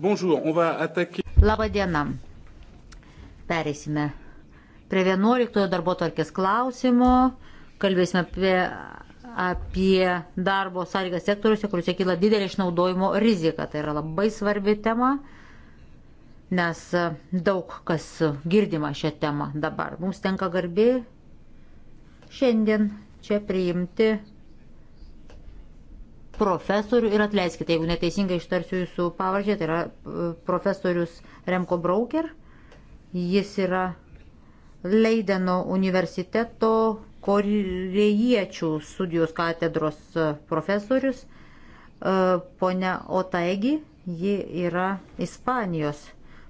Bonjour, on va attaquer. Labą dieną. Pereisime prie 11 darbo tvarkės klausimo. Kalbėsime apie, apie darbo sąlygas sektoriuose, kuriuose kyla didelė išnaudojimo rizika. Tai yra labai svarbi tema, nes daug kas girdima šią temą dabar. Mums tenka garbė šiandien čia priimti profesorių ir atleiskite, jeigu neteisingai ištarsiu jūsų pavardę, tai yra e, profesorius Remko Brauker. Jis yra Leideno universiteto korėjiečių studijos katedros e, profesorius. E, Pone Otaegi, ji yra Ispanijos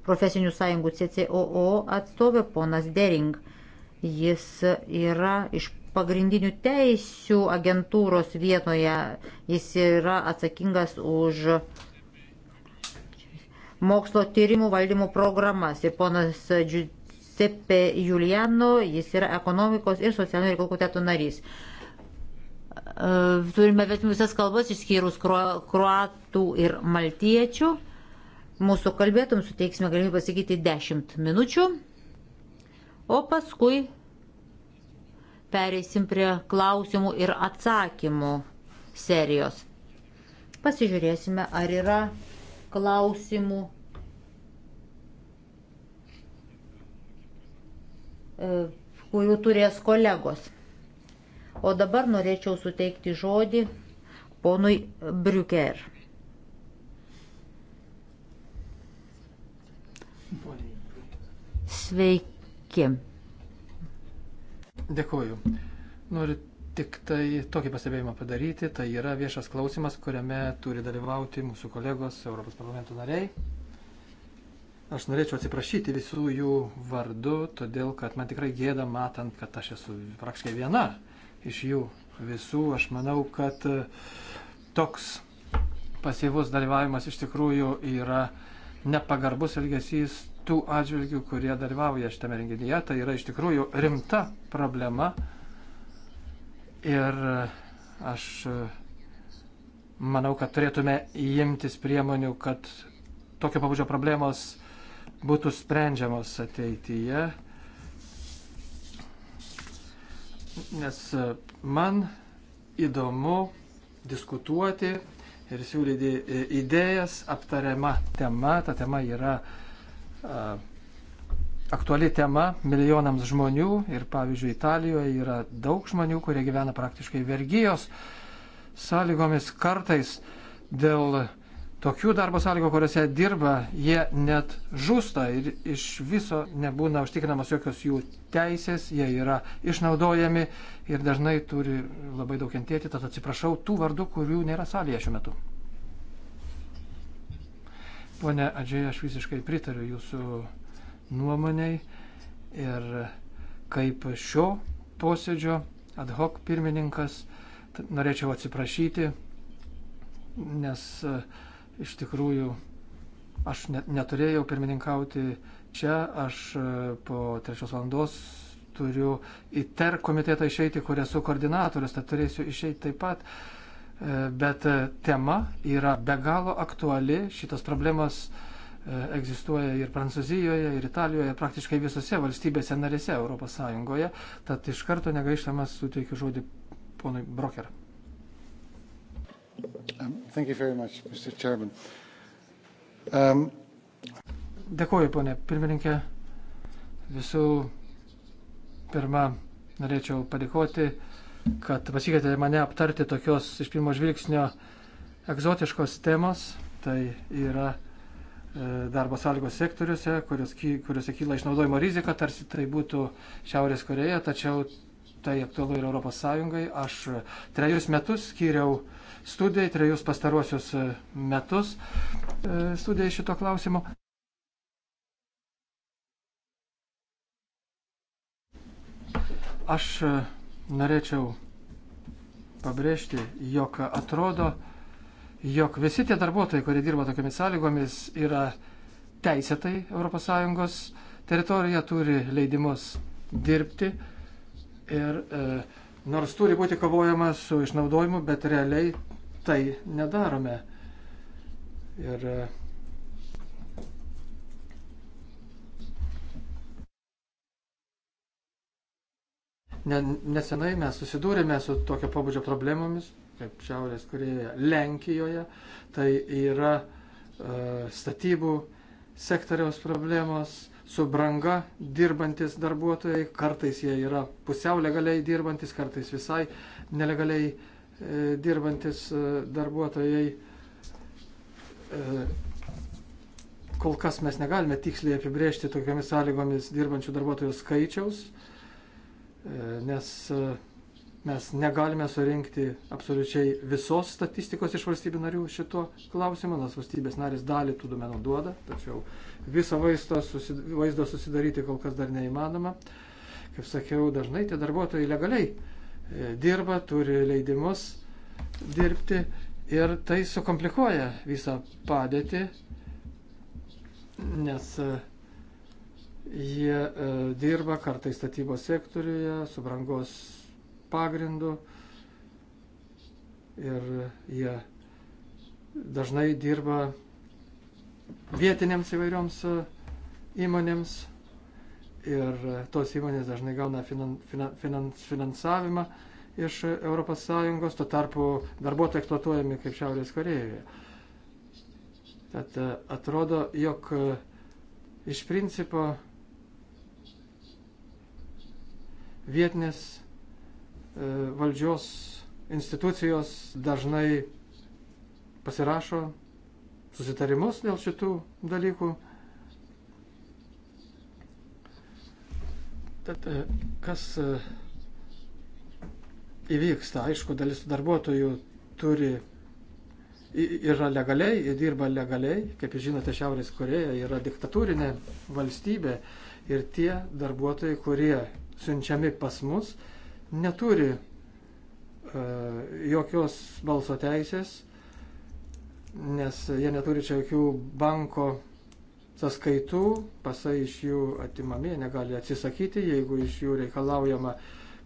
profesinių sąjungų CCOO atstovė, ponas Dering. Jis yra iš pagrindinių teisių agentūros vienoje. Jis yra atsakingas už mokslo tyrimų valdymų programas. Ir ponas Giuseppe Juliano, jis yra ekonomikos ir socialinių reikalų komiteto narys. E, turime visas kalbas išskyrus kruatų ir maltiečių. Mūsų kalbėtum suteiksime galimybę pasakyti 10 minučių, o paskui pereisim prie klausimų ir atsakymų serijos. Pasižiūrėsime, ar yra klausimų. E, kurių turės kolegos. O dabar norėčiau suteikti žodį ponui Briuker. Sveiki. Dėkuoju. Noriu tik tai tokį pastebėjimą padaryti. Tai yra viešas klausimas, kuriame turi dalyvauti mūsų kolegos Europos parlamento nariai. Aš norėčiau atsiprašyti visų jų vardu, todėl kad man tikrai gėda matant, kad aš esu praktiškai viena iš jų visų. Aš manau, kad toks pasyvus dalyvavimas iš tikrųjų yra nepagarbus elgesys tų atžvilgių, kurie dalyvauja šitame renginyje. Tai yra iš tikrųjų rimta problema. Ir e, aš e, manau, kad turėtume imtis priemonių, kad tokio pabudžio problemos būtų sprendžiamos ateityje. Nes e, man įdomu diskutuoti ir siūlyti idėjas aptariama tema. Ta tema yra uh, aktuali tema milijonams žmonių ir pavyzdžiui Italijoje yra daug žmonių, kurie gyvena praktiškai vergyjos sąlygomis kartais dėl tokių darbo sąlygų, kuriuose dirba, jie net žūsta ir iš viso nebūna užtikrinamos jokios jų teisės, jie yra išnaudojami ir dažnai turi labai daug kentėti, tad atsiprašau tų vardų, kurių nėra salėje šiuo metu. Pone Adžiai, aš visiškai pritariu jūsų nuomoniai ir kaip šio posėdžio ad hoc pirmininkas norėčiau atsiprašyti, nes e, iš tikrųjų aš neturėjau pirmininkauti čia, aš e, po trečios valandos turiu į TER komitetą išeiti, kur esu koordinatorius, tad turėsiu išeiti taip pat. E, bet e, tema yra be galo aktuali. Šitos problemos e, egzistuoja ir Prancūzijoje, ir Italijoje, ir praktiškai visose valstybėse narėse Europos Sąjungoje. Tad iš karto negaištamas suteikiu žodį ponui Broker. Um, much, um... Dėkuoju, ponė pirmininkė. Visų pirma, norėčiau padėkoti uh, kad pasikvietė mane aptarti tokios iš pirmo žvilgsnio egzotiškos temos. Tai yra e, darbo sąlygos sektoriuose, kuriuose kyla išnaudojimo rizika, tarsi tai būtų Šiaurės Koreja, tačiau tai aktualu ir Europos Sąjungai. Aš trejus metus skyriau studijai, trejus pastaruosius e, metus e, studijai šito klausimu. Aš norėčiau pabrėžti, jog atrodo, jog visi tie darbuotojai, kurie dirba tokiamis sąlygomis, yra teisėtai ES teritorija, turi leidimus dirbti ir e, nors turi būti kovojama su išnaudojimu, bet realiai tai nedarome. Ir e, Nesenai mes susidūrėme su tokio pobūdžio problemomis, kaip Šiaurės Korejoje, Lenkijoje. Tai yra e, statybų sektoriaus problemos, su branga dirbantis darbuotojai, kartais jie yra pusiau legaliai dirbantis, kartais visai nelegaliai e, dirbantis e, darbuotojai. Kol kas mes negalime tiksliai apibriežti tokiamis sąlygomis dirbančių darbuotojų skaičiaus, nes e, mes negalime surinkti absoliučiai visos statistikos iš valstybių narių šito klausimu, nes valstybės narės dalį tų duomenų duoda, tačiau viso vaizdo, susid... vaizdo susidaryti kol kas dar neįmanoma. Kaip sakiau, dažnai tie darbuotojai legaliai e, dirba, turi leidimus dirbti ir tai sukomplikuoja visą padėtį, nes uh, Jie e, dirba kartais statybos sektoriuje su brangos pagrindu ir jie dažnai dirba vietinėms įvairioms e, įmonėms ir tos įmonės dažnai gauna finansavimą iš ES, tuo tarpu darbuotojai eksploatuojami kaip Šiaurės Korejoje. Tad e, atrodo, jog e, iš principo vietinės e, valdžios institucijos dažnai pasirašo susitarimus dėl šitų dalykų. Tad e, kas e, įvyksta, aišku, dalis darbuotojų turi yra legaliai, jie dirba legaliai, kaip jūs žinote, Šiaurės Koreja yra diktatūrinė valstybė ir tie darbuotojai, kurie siunčiami pas mus, neturi e, jokios balso teisės, nes jie neturi čia jokių banko sąskaitų, pasai iš jų atimami, jie negali atsisakyti, jeigu iš jų reikalaujama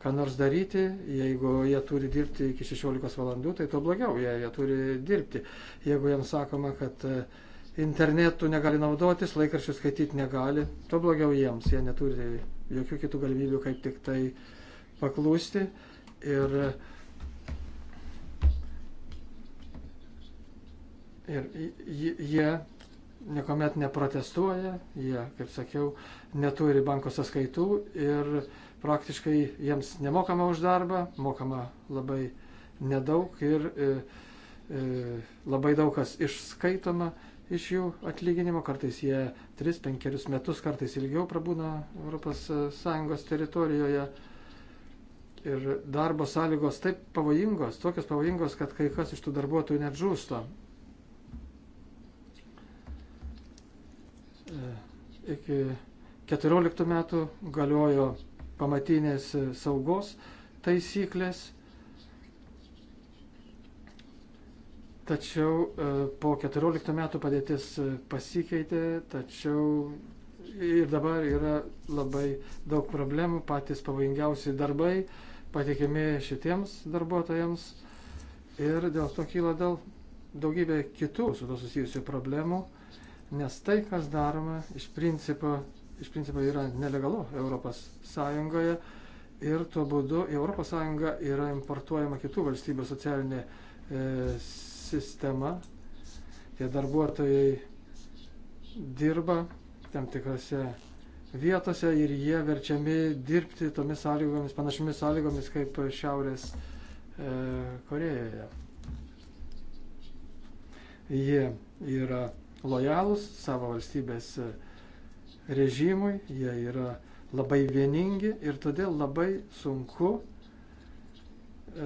ką nors daryti, jeigu jie turi dirbti iki 16 valandų, tai to blogiau, jie, jie turi dirbti. Jeigu jiems sakoma, kad e, internetu negali naudotis, laikraščių skaityti negali, to blogiau jiems, jie neturi jokių kitų galimybių kaip tik tai paklūsti. Ir, ir jie niekuomet neprotestuoja, jie, kaip sakiau, neturi banko sąskaitų ir praktiškai jiems nemokama už darbą, mokama labai nedaug ir e, e, labai daug kas išskaitoma iš jų atlyginimo, kartais jie 3-5 metus, kartais ilgiau prabūna ES teritorijoje. Ir darbo sąlygos taip pavojingos, tokios pavojingos, kad kai kas iš tų darbuotojų net žūsta. E, iki 14 metų galiojo pamatinės saugos taisyklės Tačiau e, po 14 metų padėtis e, pasikeitė, tačiau ir dabar yra labai daug problemų, patys pavojingiausi darbai patikimi šitiems darbuotojams ir dėl to kyla dėl daugybė kitų su to susijusių problemų, nes tai, kas daroma, iš principo, iš principo yra nelegalu Europos Sąjungoje ir tuo būdu į Europos Sąjungą yra importuojama kitų valstybių socialinė e, sistema. Tie darbuotojai dirba tam tikrose vietose ir jie verčiami dirbti tomis sąlygomis, panašiomis sąlygomis kaip Šiaurės e, Korejoje. Jie yra lojalūs savo valstybės e, režimui, jie yra labai vieningi ir todėl labai sunku E,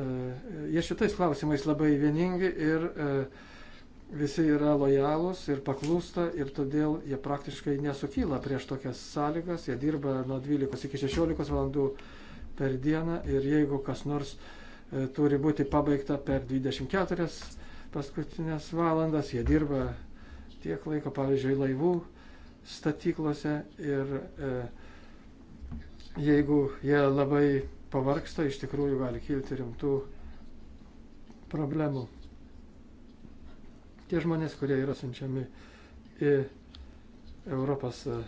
jie šitais klausimais labai vieningi ir e, visi yra lojalūs ir paklūsta ir todėl jie praktiškai nesukyla prieš tokias sąlygas. Jie dirba nuo 12 iki 16 valandų per dieną ir jeigu kas nors e, turi būti pabaigta per 24 paskutinės valandas, jie dirba tiek laiko, pavyzdžiui, laivų statyklose ir e, jeigu jie labai pavarksta, iš tikrųjų gali kilti rimtų problemų. Tie žmonės, kurie yra siunčiami į Europos e,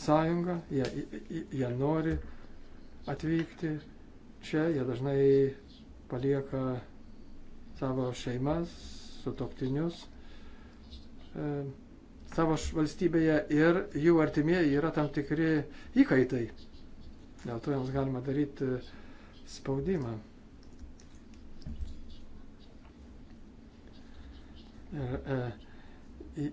Sąjungą, jie, jie nori atvykti čia, jie dažnai palieka savo šeimas, sutoktinius e, savo valstybėje ir jų artimieji yra tam tikri įkaitai. Dėl to jiems galima daryti e, spaudimą. Ir e,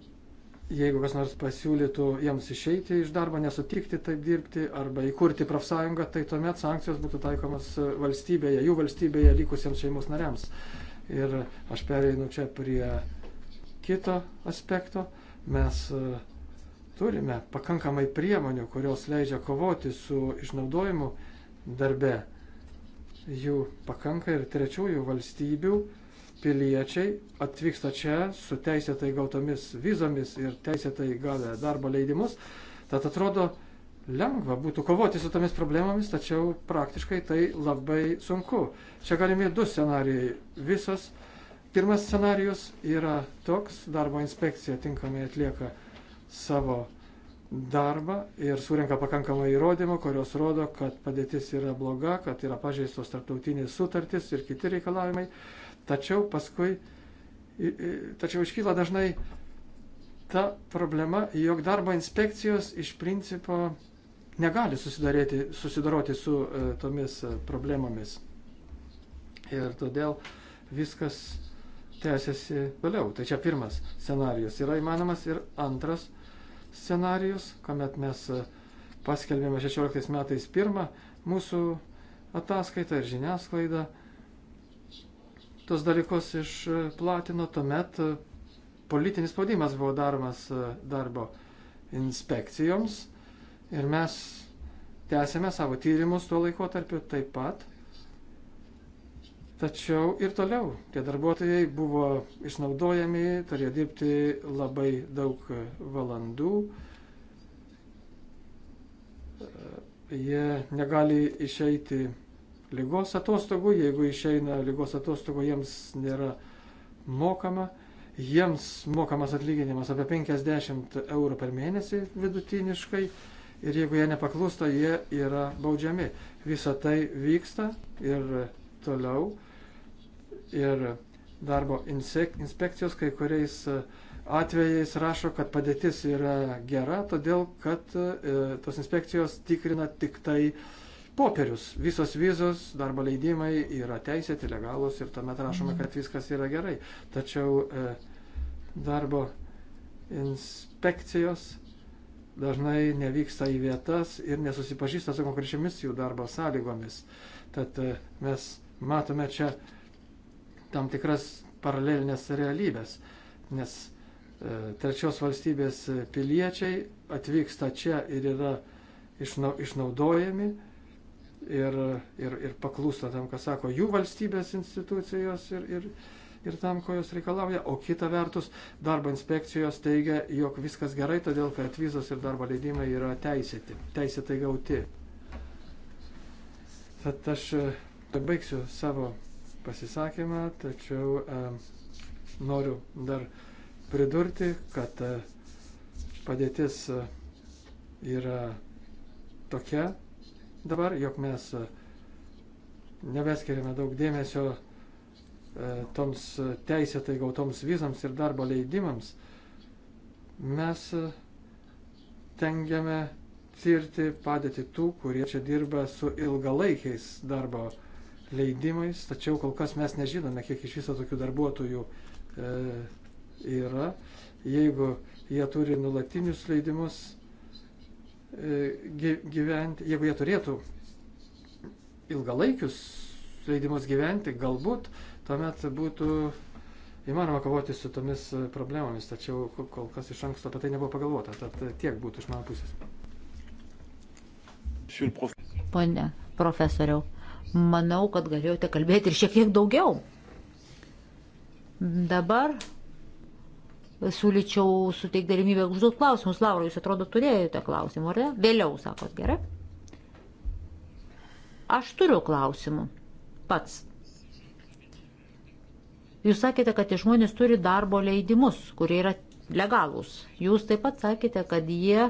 jeigu kas nors pasiūlytų jiems išeiti iš darbo, nesutikti taip dirbti arba įkurti profsąjungą, tai tuomet sankcijos būtų taikomas valstybėje, jų valstybėje likusiems šeimos nariams. Ir aš pereinu čia prie kito aspekto. Mes e, turime pakankamai priemonių, kurios leidžia kovoti su išnaudojimu darbe jų pakanka ir trečiųjų valstybių piliečiai atvyksta čia su teisėtai gautomis vizomis ir teisėtai gavę darbo leidimus. Tad atrodo lengva būtų kovoti su tomis problemomis, tačiau praktiškai tai labai sunku. Čia galimi du scenarijai. Visas pirmas scenarijus yra toks, darbo inspekcija tinkamai atlieka savo darbą ir surenka pakankamai įrodymų, kurios rodo, kad padėtis yra bloga, kad yra pažeistos tarptautinės sutartys ir kiti reikalavimai. Tačiau paskui, tačiau iškyla dažnai ta problema, jog darbo inspekcijos iš principo negali susidaroti su e, tomis e, problemomis. Ir todėl viskas tęsiasi toliau. Tai čia pirmas scenarius yra įmanomas ir antras scenarius, kuomet mes e, paskelbėme 16 metais pirmą mūsų ataskaitą ir žiniasklaidą. Tos dalykus išplatino, tuomet e, politinis spaudimas buvo daromas e, darbo inspekcijoms ir mes tęsėme savo tyrimus tuo laikotarpiu taip pat Tačiau ir toliau tie darbuotojai buvo išnaudojami, turėjo dirbti labai daug valandų. Jie negali išeiti lygos atostogų, jeigu išeina lygos atostogų, jiems nėra mokama. Jiems mokamas atlyginimas apie 50 eurų per mėnesį vidutiniškai ir jeigu jie nepaklūsta, jie yra baudžiami. Visa tai vyksta ir toliau ir darbo inspekcijos kai kuriais e, atvejais rašo, kad padėtis yra gera, todėl kad e, tos inspekcijos tikrina tik tai popierius. Visos vizos, darbo leidimai yra teisėti, legalus ir tuomet rašoma, mhm. kad viskas yra gerai. Tačiau e, darbo inspekcijos dažnai nevyksta į vietas ir nesusipažįsta su konkrečiamis jų darbo sąlygomis. Tad mes matome čia tam tikras paralelinės realybės, nes e, trečios valstybės piliečiai atvyksta čia ir yra išnaudojami ir, ir, ir paklūsta tam, ką sako jų valstybės institucijos ir, ir, ir tam, ko jos reikalauja. O kita vertus, darbo inspekcijos teigia, jog viskas gerai, todėl kad vizos ir darbo leidimai yra teisėti, teisėtai gauti. Tad aš e, baigsiu savo pasisakymą, tačiau e, noriu dar pridurti, kad e, padėtis e, yra tokia dabar, jog mes e, nebeskiriame daug dėmesio e, toms teisėtai gautoms vizams ir darbo leidimams. Mes e, tengiame tirti padėti tų, kurie čia dirba su ilgalaikiais darbo leidimais leidimais, tačiau kol kas mes nežinome, kiek iš viso tokių darbuotojų e, yra. Jeigu jie turi nulatinius leidimus e, gyventi, jeigu jie turėtų ilgalaikius leidimus gyventi, galbūt tuomet būtų įmanoma kovoti su tomis problemomis, tačiau kol kas iš anksto apie tai nebuvo pagalvota. Tad tiek būtų iš mano pusės. Pone profesoriau, manau, kad galėjote kalbėti ir šiek tiek daugiau. Dabar siūlyčiau suteikti galimybę užduoti klausimus. Laura, jūs atrodo turėjote klausimų, ar ne? Vėliau, sakot, gerai. Aš turiu klausimų. Pats. Jūs sakėte, kad tie žmonės turi darbo leidimus, kurie yra legalūs. Jūs taip pat sakėte, kad jie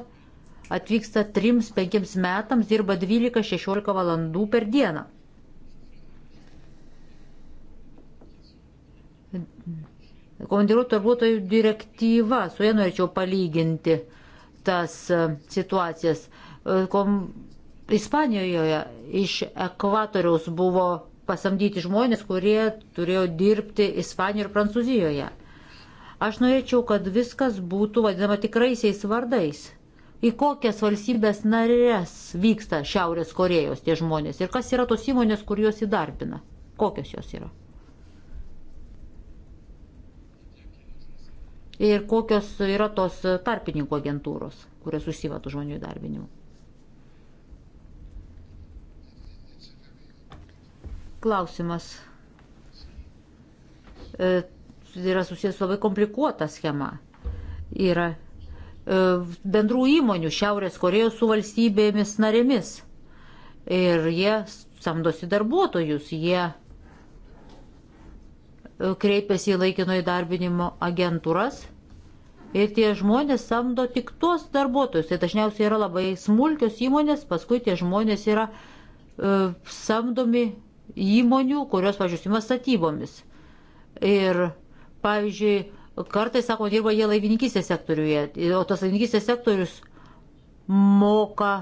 atvyksta 3-5 metams, dirba 12-16 valandų per dieną. komandiruotų darbuotojų direktyva, su ja norėčiau palyginti tas e, situacijas. E, kom... Ispanijoje iš ekvatoriaus buvo pasamdyti žmonės, kurie turėjo dirbti Ispanijoje ir Prancūzijoje. Aš norėčiau, kad viskas būtų vadinama tikraisiais vardais. Į kokias valstybės narės vyksta Šiaurės Korejos tie žmonės ir kas yra tos įmonės, kur juos įdarbina? Kokios jos yra? ir kokios yra tos tarpininkų agentūros, kurios užsiva tų žmonių įdarbinimu. Klausimas e, yra susijęs su labai komplikuota schema. Yra e, bendrų įmonių Šiaurės Korejos su valstybėmis narėmis. Ir jie samdosi darbuotojus, jie kreipiasi į laikino įdarbinimo agentūras ir tie žmonės samdo tik tuos darbuotojus. Tai dažniausiai yra labai smulkios įmonės, paskui tie žmonės yra e, samdomi įmonių, kurios, pažiūrėjau, ima statybomis. Ir, pavyzdžiui, kartais, sako, dirba jie laivininkystės sektoriuje, o tas laivininkystės sektorius moka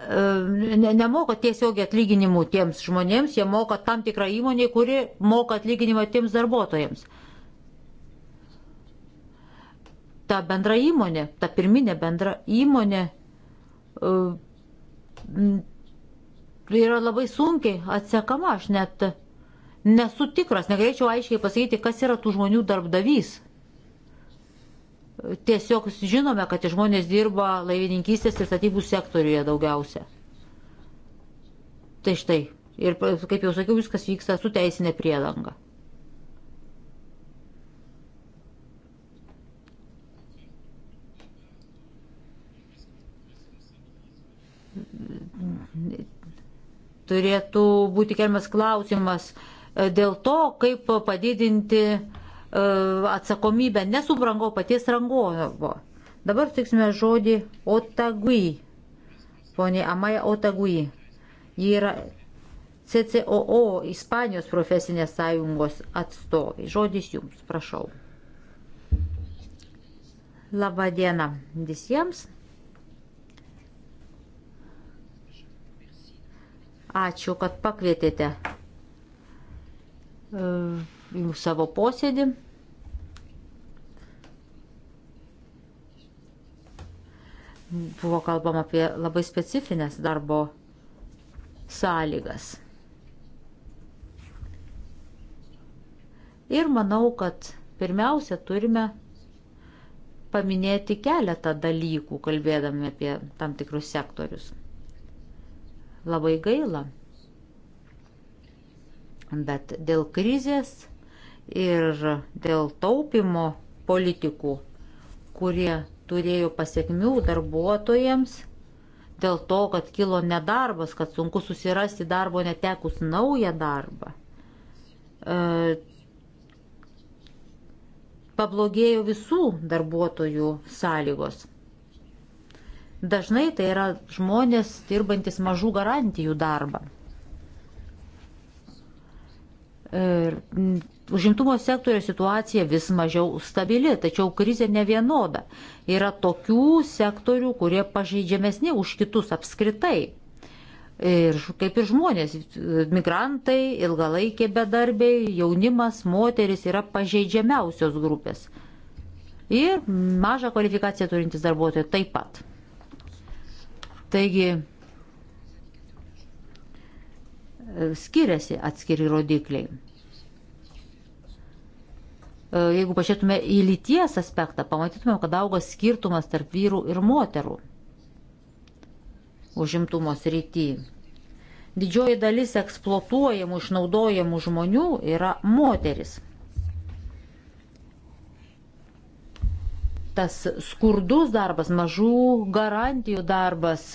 E, ne, nemoka tiesiogiai atlyginimų tiems žmonėms, jie moka tam tikrą įmonį, kuri moka atlyginimą tiems darbuotojams. Ta bendra įmonė, ta pirminė bendra įmonė e, yra labai sunkiai atsekama, aš net nesu tikras, negalėčiau aiškiai pasakyti, kas yra tų žmonių darbdavys tiesiog žinome, kad žmonės dirba laivininkystės ir statybų sektoriuje daugiausia. Tai štai. Ir kaip jau sakiau, viskas vyksta su teisinė priedanga. Turėtų būti kelmas klausimas dėl to, kaip padidinti E, atsakomybę nesubrango paties rangovo. Dabar sutiksime žodį otagui. Pone Amaja Otagui. Ji yra CCOO Ispanijos profesinės sąjungos atstovai. Žodis jums, prašau. Labadiena visiems. Ačiū, kad pakvietėte. Uh savo posėdį. Buvo kalbama apie labai specifines darbo sąlygas. Ir manau, kad pirmiausia turime paminėti keletą dalykų, kalbėdami apie tam tikrus sektorius. Labai gaila, bet dėl krizės ir dėl taupimo politikų, kurie turėjo pasiekmių darbuotojams, dėl to, kad kilo nedarbas, kad sunku susirasti darbo netekus naują darbą. E, pablogėjo visų darbuotojų sąlygos. Dažnai tai yra žmonės dirbantis mažų garantijų darbą. Ir Užimtumo sektorio situacija vis mažiau stabili, tačiau krizė ne vienoda. Yra tokių sektorių, kurie pažeidžiamesni už kitus apskritai. Ir kaip ir žmonės, migrantai, ilgalaikiai bedarbiai, jaunimas, moteris yra pažeidžiamiausios grupės. Ir mažą kvalifikaciją turintys darbuotojai taip pat. Taigi e, skiriasi atskiri rodikliai. E, jeigu pažiūrėtume į lyties aspektą, pamatytume, kad auga skirtumas tarp vyrų ir moterų užimtumo srity. Didžioji dalis eksploatuojamų, išnaudojamų žmonių yra moteris. Tas skurdus darbas, mažų garantijų darbas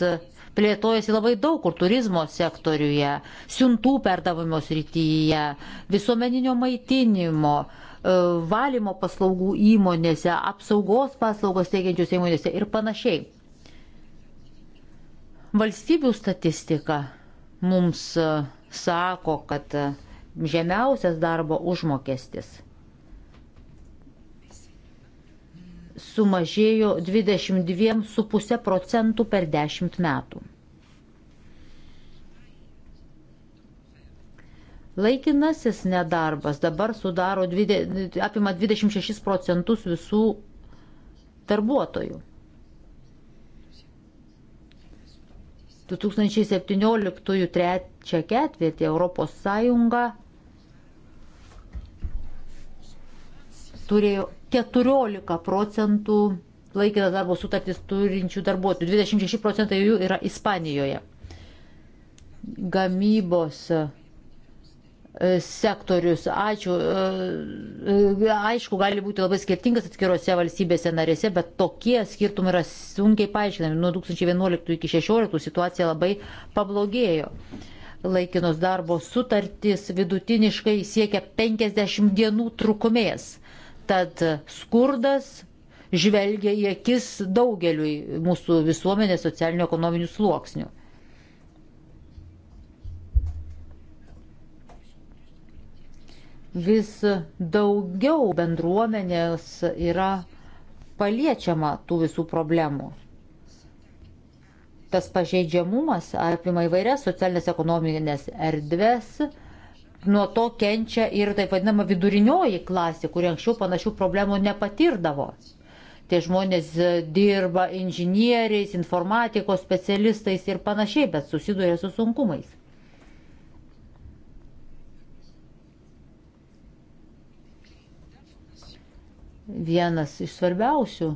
plėtojasi labai daug kur turizmo sektoriuje, siuntų perdavimo srityje, visuomeninio maitinimo, uh, E, valymo paslaugų įmonėse, apsaugos paslaugos teikiančios įmonėse ir panašiai. Valstybių statistika mums e, sako, kad e, žemiausias darbo užmokestis sumažėjo 22,5 procentų per 10 metų. Laikinasis nedarbas dabar sudaro 20, apima 26 procentus visų darbuotojų. 2017 trečią ketvirtį Europos Sąjunga turėjo 14 procentų laikinas darbo sutartis turinčių darbuotojų. 26 procentai jų yra Ispanijoje. Gamybos sektorius. Ačiū. E, e, aišku, gali būti labai skirtingas atskirose valstybėse narėse, bet tokie skirtumai yra sunkiai paaiškinami. Nuo 2011 iki 2016 situacija labai pablogėjo. Laikinos darbo sutartys vidutiniškai siekia 50 dienų trukmės. Tad skurdas žvelgia į akis daugeliui mūsų visuomenės socialinio ekonominių sluoksnių. vis daugiau bendruomenės yra paliečiama tų visų problemų. Tas pažeidžiamumas apima įvairias socialinės ekonominės erdves, nuo to kenčia ir taip vadinama vidurinioji klasė, kuri anksčiau panašių problemų nepatirdavo. Tie žmonės dirba inžinieriais, informatikos specialistais ir panašiai, bet susiduria su sunkumais. vienas iš svarbiausių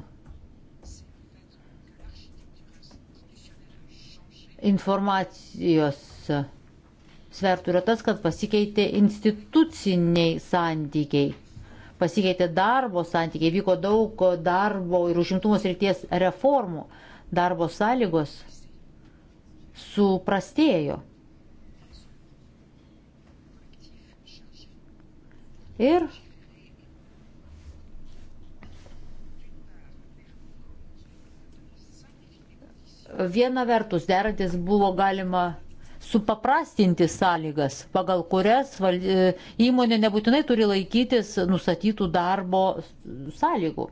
informacijos svertų yra tas, kad pasikeitė instituciniai santykiai, pasikeitė darbo santykiai, vyko daug darbo ir užimtumos ryties reformų, darbo sąlygos suprastėjo. Ir Viena vertus, derantis buvo galima supaprastinti sąlygas, pagal kurias e, įmonė nebūtinai turi laikytis nustatytų darbo sąlygų.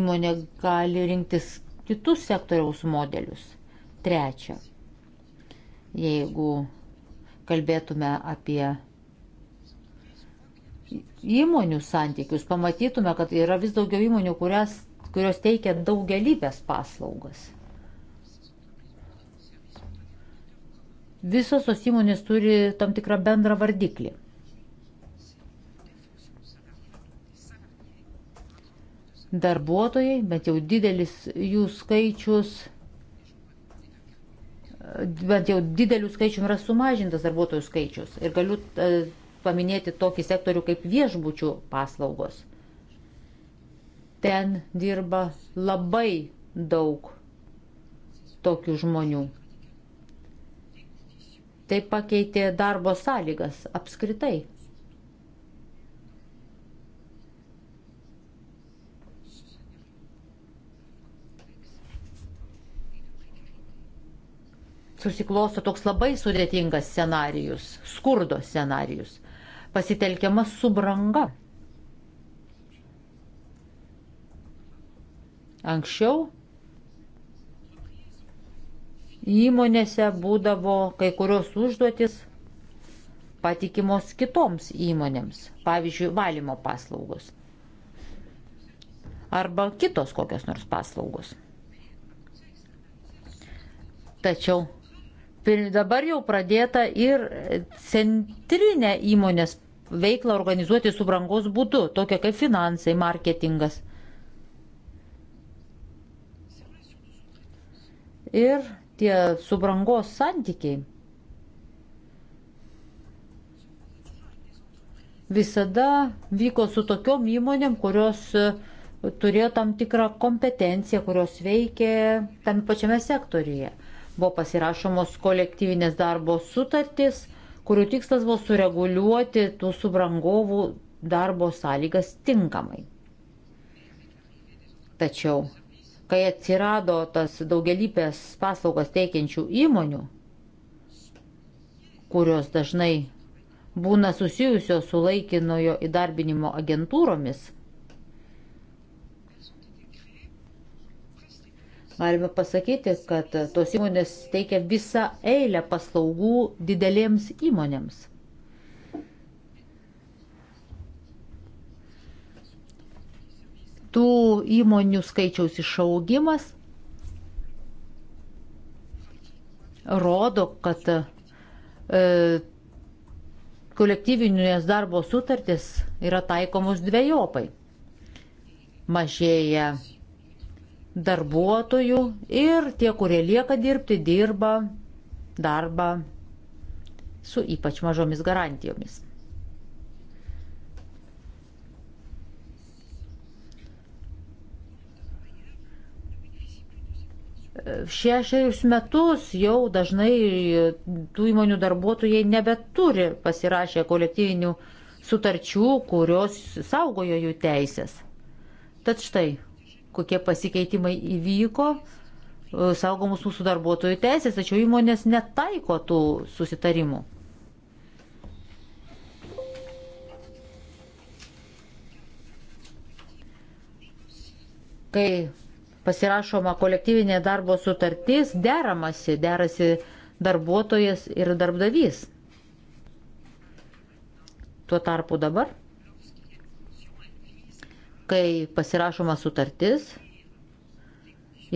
Įmonė gali rinktis kitus sektoriaus modelius. Trečia, jeigu kalbėtume apie įmonių santykius, pamatytume, kad yra vis daugiau įmonių, kurias, kurios teikia daugelybės paslaugas. Visos tos įmonės turi tam tikrą bendrą vardiklį. Darbuotojai, bent jau didelis jų skaičius, bent jau didelių skaičių yra sumažintas darbuotojų skaičius. Ir galiu e, paminėti tokį sektorių kaip viešbučių paslaugos. Ten dirba labai daug tokių žmonių. Tai pakeitė darbo sąlygas apskritai. susiklosto toks labai sudėtingas scenarijus, skurdo scenarijus pasitelkiama subranga. Anksčiau įmonėse būdavo kai kurios užduotis patikimos kitoms įmonėms, pavyzdžiui, valymo paslaugos arba kitos kokios nors paslaugos. Tačiau dabar jau pradėta ir centrinę įmonės veiklą organizuoti su brangaus būdu, tokia kaip finansai, marketingas. Ir tie subrangos santykiai visada vyko su tokiom įmonėm, kurios e, turėjo tam tikrą kompetenciją, kurios veikė tam pačiame sektoriuje buvo pasirašomos kolektyvinės darbo sutartys, kurių tikslas buvo sureguliuoti tų subrangovų darbo sąlygas tinkamai. Tačiau, kai atsirado tas daugelįpės paslaugas teikiančių įmonių, kurios dažnai būna susijusios su laikinojo įdarbinimo agentūromis, Norime pasakyti, kad tos įmonės teikia visą eilę paslaugų didelėms įmonėms. Tų įmonių skaičiaus išaugimas rodo, kad e, kolektyvinės darbo sutartys yra taikomos dviejopai. Mažėja darbuotojų ir tie, kurie lieka dirbti, dirba darbą su ypač mažomis garantijomis. Šešerius metus jau dažnai tų įmonių darbuotojai nebeturi pasirašę kolektyvinių sutarčių, kurios saugojo jų teisės. Tad štai, kokie pasikeitimai įvyko, e, saugomus mūsų darbuotojų teisės, tačiau įmonės netaiko tų susitarimų. Kai pasirašoma kolektyvinė darbo sutartis, deramasi, derasi darbuotojas ir darbdavys. Tuo tarpu dabar kai pasirašoma sutartis,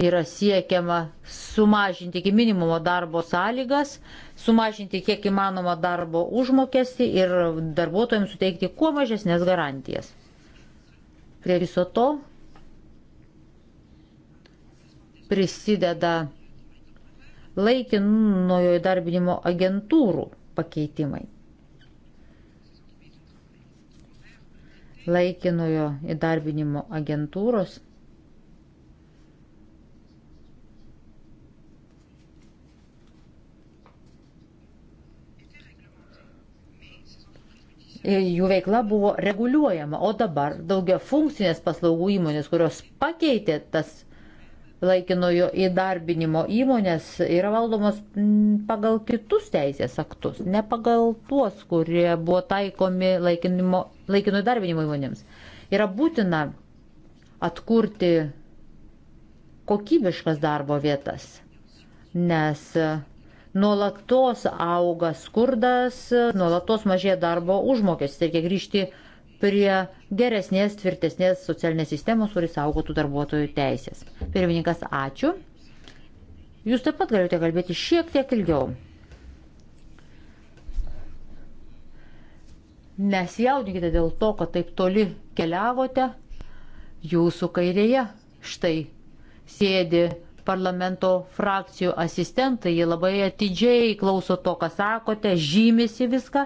yra siekiama sumažinti iki minimumo darbo sąlygas, sumažinti kiek įmanoma darbo užmokestį ir darbuotojams suteikti kuo mažesnės garantijas. Prie viso to prisideda laikinojo įdarbinimo agentūrų pakeitimai. laikinojo įdarbinimo agentūros. jų veikla buvo reguliuojama, o dabar daugia funkcinės paslaugų įmonės, kurios pakeitė tas laikinojo įdarbinimo įmonės yra valdomos pagal kitus teisės aktus, ne pagal tuos, kurie buvo taikomi laikinimo, laikino įdarbinimo įmonėms. Yra būtina atkurti kokybiškas darbo vietas, nes nuolatos auga skurdas, nuolatos mažėja darbo užmokestis, reikia grįžti prie geresnės, tvirtesnės socialinės sistemos, kuris saugotų darbuotojų teisės. Pirmininkas, ačiū. Jūs taip pat galite kalbėti šiek tiek ilgiau. Nesijaudinkite dėl to, kad taip toli keliavote. Jūsų kairėje štai sėdi parlamento frakcijų asistentai. Jie labai atidžiai klauso to, ką sakote, žymisi viską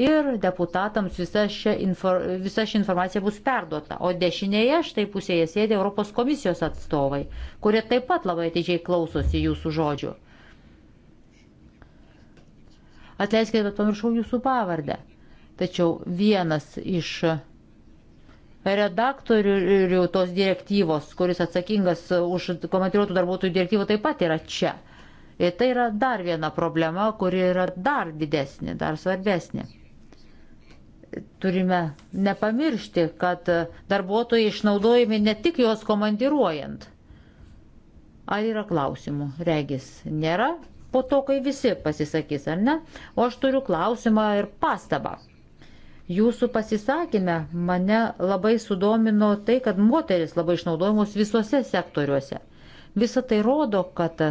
ir deputatams visa ši, infor, visa ši informacija bus perduota. O dešinėje štai pusėje sėdė Europos komisijos atstovai, kurie taip pat labai atidžiai klausosi jūsų žodžių. Atleiskite, bet pamiršau jūsų pavardę. Tačiau vienas iš redaktorių tos direktyvos, kuris atsakingas už komandiruotų darbuotojų direktyvą, taip pat yra čia. Ir tai yra dar viena problema, kuri yra dar didesnė, dar svarbesnė. Turime nepamiršti, kad darbuotojai išnaudojami ne tik juos komandiruojant. Ar yra klausimų? Regis nėra. Po to, kai visi pasisakys, ar ne? O aš turiu klausimą ir pastabą. Jūsų pasisakymę mane labai sudomino tai, kad moteris labai išnaudojamos visuose sektoriuose. Visą tai rodo, kad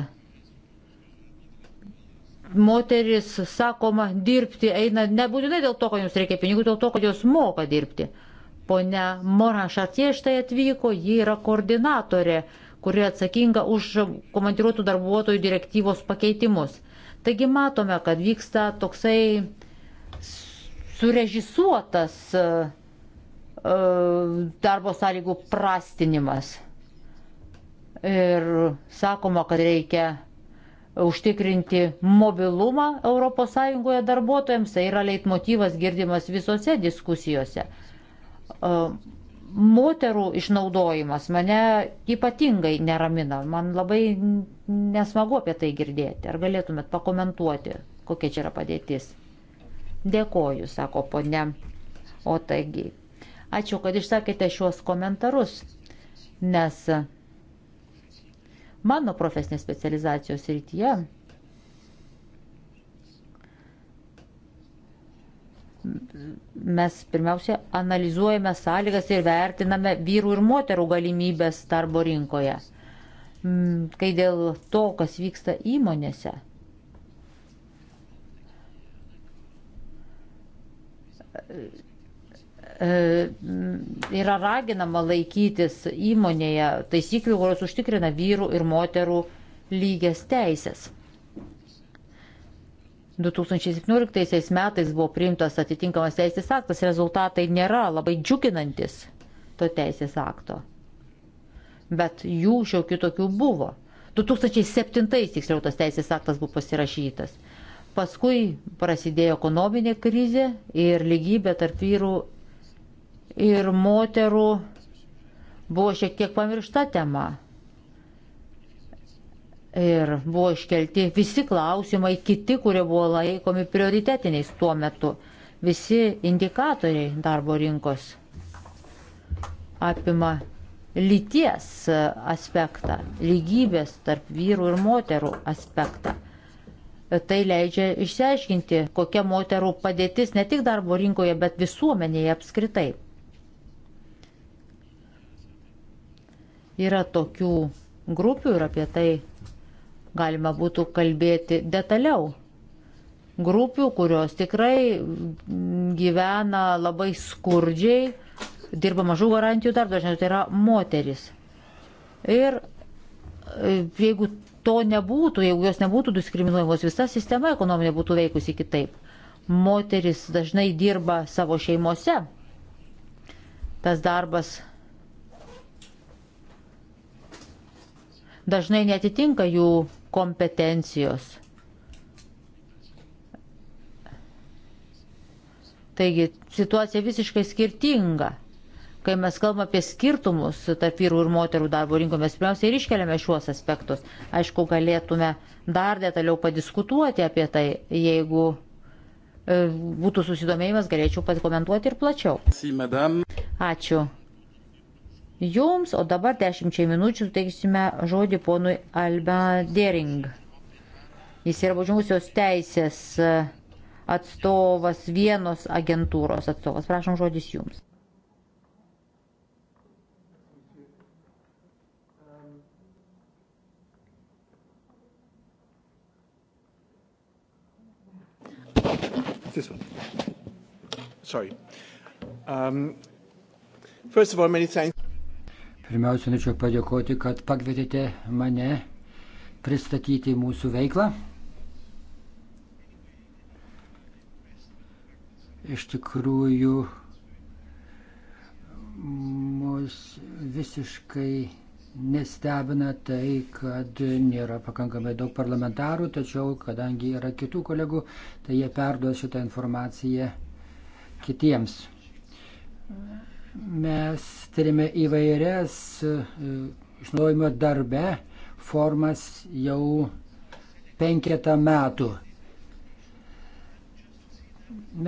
moteris, sakoma, dirbti eina nebūtinai dėl to, kad jums reikia pinigų, dėl to, kad jos moka dirbti. Pone Mora Šatie štai atvyko, ji yra koordinatorė, kuri atsakinga už komandiruotų darbuotojų direktyvos pakeitimus. Taigi matome, kad vyksta toksai surežisuotas e, e, darbo sąlygų prastinimas. Ir sakoma, kad reikia užtikrinti mobilumą ES darbuotojams, tai yra leitmotyvas girdimas visose diskusijose. E, moterų išnaudojimas mane ypatingai neramina, man labai nesmagu apie tai girdėti. Ar galėtumėt pakomentuoti, kokia čia yra padėtis? Dėkoju, sako ponia. O taigi, ačiū, kad išsakėte šiuos komentarus, nes mano profesinės specializacijos rytyje mes pirmiausia analizuojame sąlygas ir vertiname vyrų ir moterų galimybės darbo rinkoje. Kai dėl to, kas vyksta įmonėse, E, yra raginama laikytis įmonėje taisyklių, kurios užtikrina vyrų ir moterų lygias teisės. 2017 metais buvo priimtas atitinkamas teisės aktas, rezultatai nėra labai džiuginantis to teisės akto. Bet jų šiokių tokių buvo. 2007 tiksliau tas teisės aktas buvo pasirašytas. Paskui prasidėjo ekonominė krizė ir lygybė tarp vyrų ir moterų buvo šiek tiek pamiršta tema. Ir buvo iškelti visi klausimai, kiti, kurie buvo laikomi prioritetiniais tuo metu. Visi indikatoriai darbo rinkos apima lyties aspektą, lygybės tarp vyrų ir moterų aspektą tai leidžia išsiaiškinti, kokia moterų padėtis ne tik darbo rinkoje, bet visuomenėje apskritai. Yra tokių grupių ir apie tai galima būtų kalbėti detaliau. Grupių, kurios tikrai gyvena labai skurdžiai, dirba mažų garantijų darbą, dažniausiai tai yra moteris. Ir e, jeigu to nebūtų, jeigu jos nebūtų diskriminuojamos, visa sistema ekonominė būtų veikusi kitaip. Moteris dažnai dirba savo šeimose. Tas darbas dažnai netitinka jų kompetencijos. Taigi situacija visiškai skirtinga. Kai mes kalbame apie skirtumus tarp vyrų ir moterų darbo rinkoje, mes pirmiausia ir iškeliame šiuos aspektus. Aišku, galėtume dar detaliau padiskutuoti apie tai, jeigu e, būtų susidomėjimas, galėčiau pakomentuoti ir plačiau. Ačiū. Jums, o dabar dešimčiai minučių suteiksime žodį ponui Alba Dering. Jis yra baudžiamusios teisės e, atstovas vienos agentūros atstovas. Prašom žodis jums. This one. Sorry. Um, first of all, many thanks. Pirmiausia, norėčiau padėkoti, kad pakvietėte mane pristatyti mūsų veiklą. Iš tikrųjų, mus visiškai Nestebina tai, kad nėra pakankamai daug parlamentarų, tačiau kadangi yra kitų kolegų, tai jie perduos šitą informaciją kitiems. Mes turime įvairias e, išnaudojimo darbe formas jau penketą metų.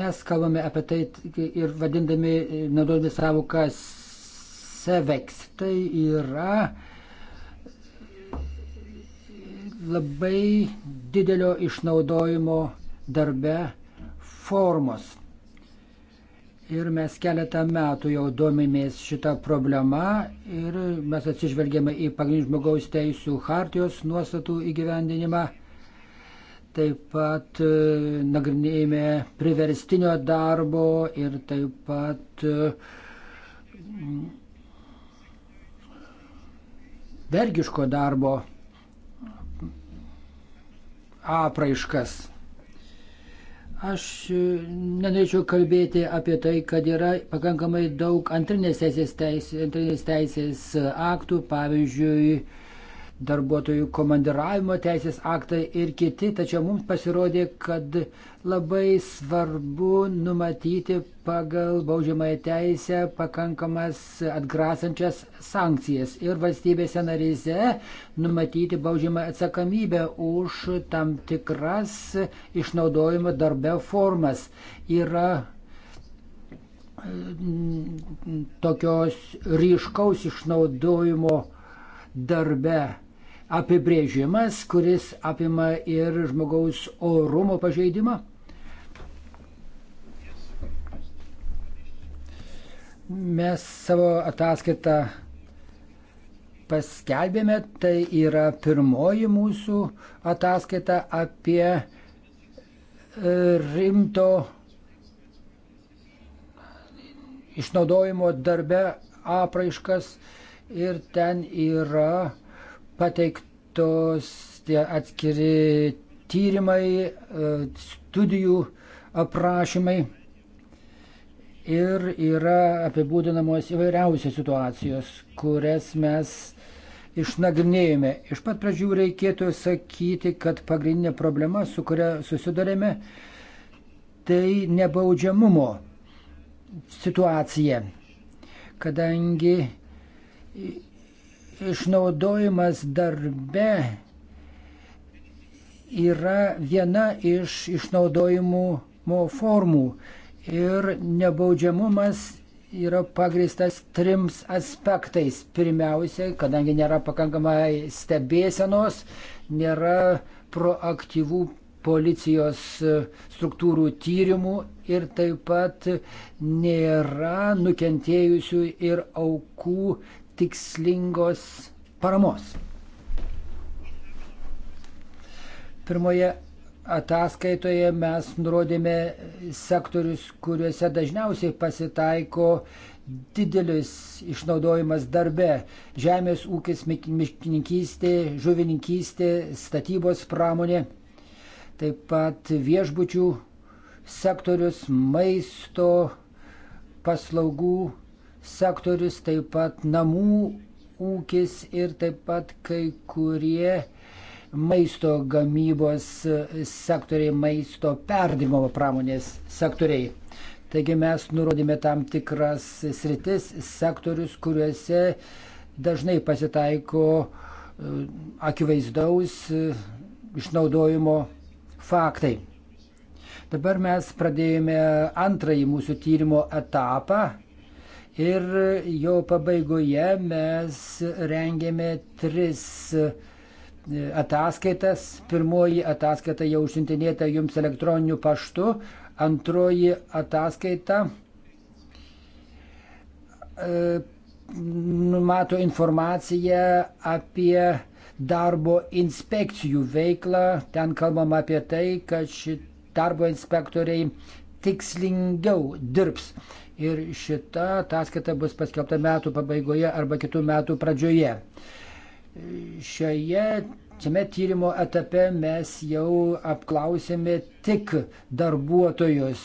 Mes kalbame apie tai ir vadindami, naudodami savoką SEVEX tai yra labai didelio išnaudojimo darbe formos. Ir mes keletą metų jau domimės šitą problemą ir mes atsižvelgėme į pagrindinių žmogaus teisų hartijos nuostatų įgyvendinimą. Taip pat e, nagrinėjame priverstinio darbo ir taip pat e, vergiško darbo apraiškas. Aš e, nenorėčiau kalbėti apie tai, kad yra pakankamai daug antrinės teisės, teisės, antrinės teisės aktų, pavyzdžiui, darbuotojų komandiravimo teisės aktai ir kiti, tačiau mums pasirodė, kad labai svarbu numatyti pagal baudžiamąją teisę pakankamas atgrasančias sankcijas ir valstybėse narėse numatyti baudžiamą atsakomybę už tam tikras išnaudojimo darbe formas. Yra mm, tokios ryškaus išnaudojimo darbe apibrėžimas, kuris apima ir žmogaus orumo pažeidimą? Mes savo ataskaitą paskelbėme, tai yra pirmoji mūsų ataskaita apie e, rimto išnaudojimo darbe apraiškas ir ten yra pateiktos tie atskiri tyrimai, e, studijų aprašymai ir yra apibūdinamos įvairiausios situacijos, kurias mes išnagrinėjome. Iš pat pradžių reikėtų sakyti, kad pagrindinė problema, su kuria susidarėme, tai nebaudžiamumo situacija, kadangi išnaudojimas darbe yra viena iš išnaudojimo formų ir nebaudžiamumas yra pagristas trims aspektais. Pirmiausia, kadangi nėra pakankamai stebėsenos, nėra proaktyvų policijos struktūrų tyrimų ir taip pat nėra nukentėjusių ir aukų tikslingos paramos. Pirmoje ataskaitoje mes nurodėme sektorius, kuriuose dažniausiai pasitaiko didelis išnaudojimas darbe - žemės ūkis, miškininkystė, žuvininkystė, statybos pramonė, taip pat viešbučių sektorius, maisto paslaugų sektorius, taip pat namų ūkis ir taip pat kai kurie maisto gamybos sektoriai, maisto perdimo pramonės sektoriai. Taigi mes nurodėme tam tikras sritis, sektorius, kuriuose dažnai pasitaiko e, akivaizdaus e, išnaudojimo faktai. Dabar mes pradėjome antrąjį mūsų tyrimo etapą Ir jo pabaigoje mes rengėme tris e, ataskaitas. Pirmoji ataskaita jau užsintinėta jums elektroniniu paštu, antroji ataskaita e, numato informaciją apie darbo inspekcijų veiklą. Ten kalbam apie tai, kad ši darbo inspektoriai tikslingiau dirbs ir šita ataskaita bus paskelbta metų pabaigoje arba kitų metų pradžioje. Šioje, šiame tyrimo etape mes jau apklausėme tik darbuotojus,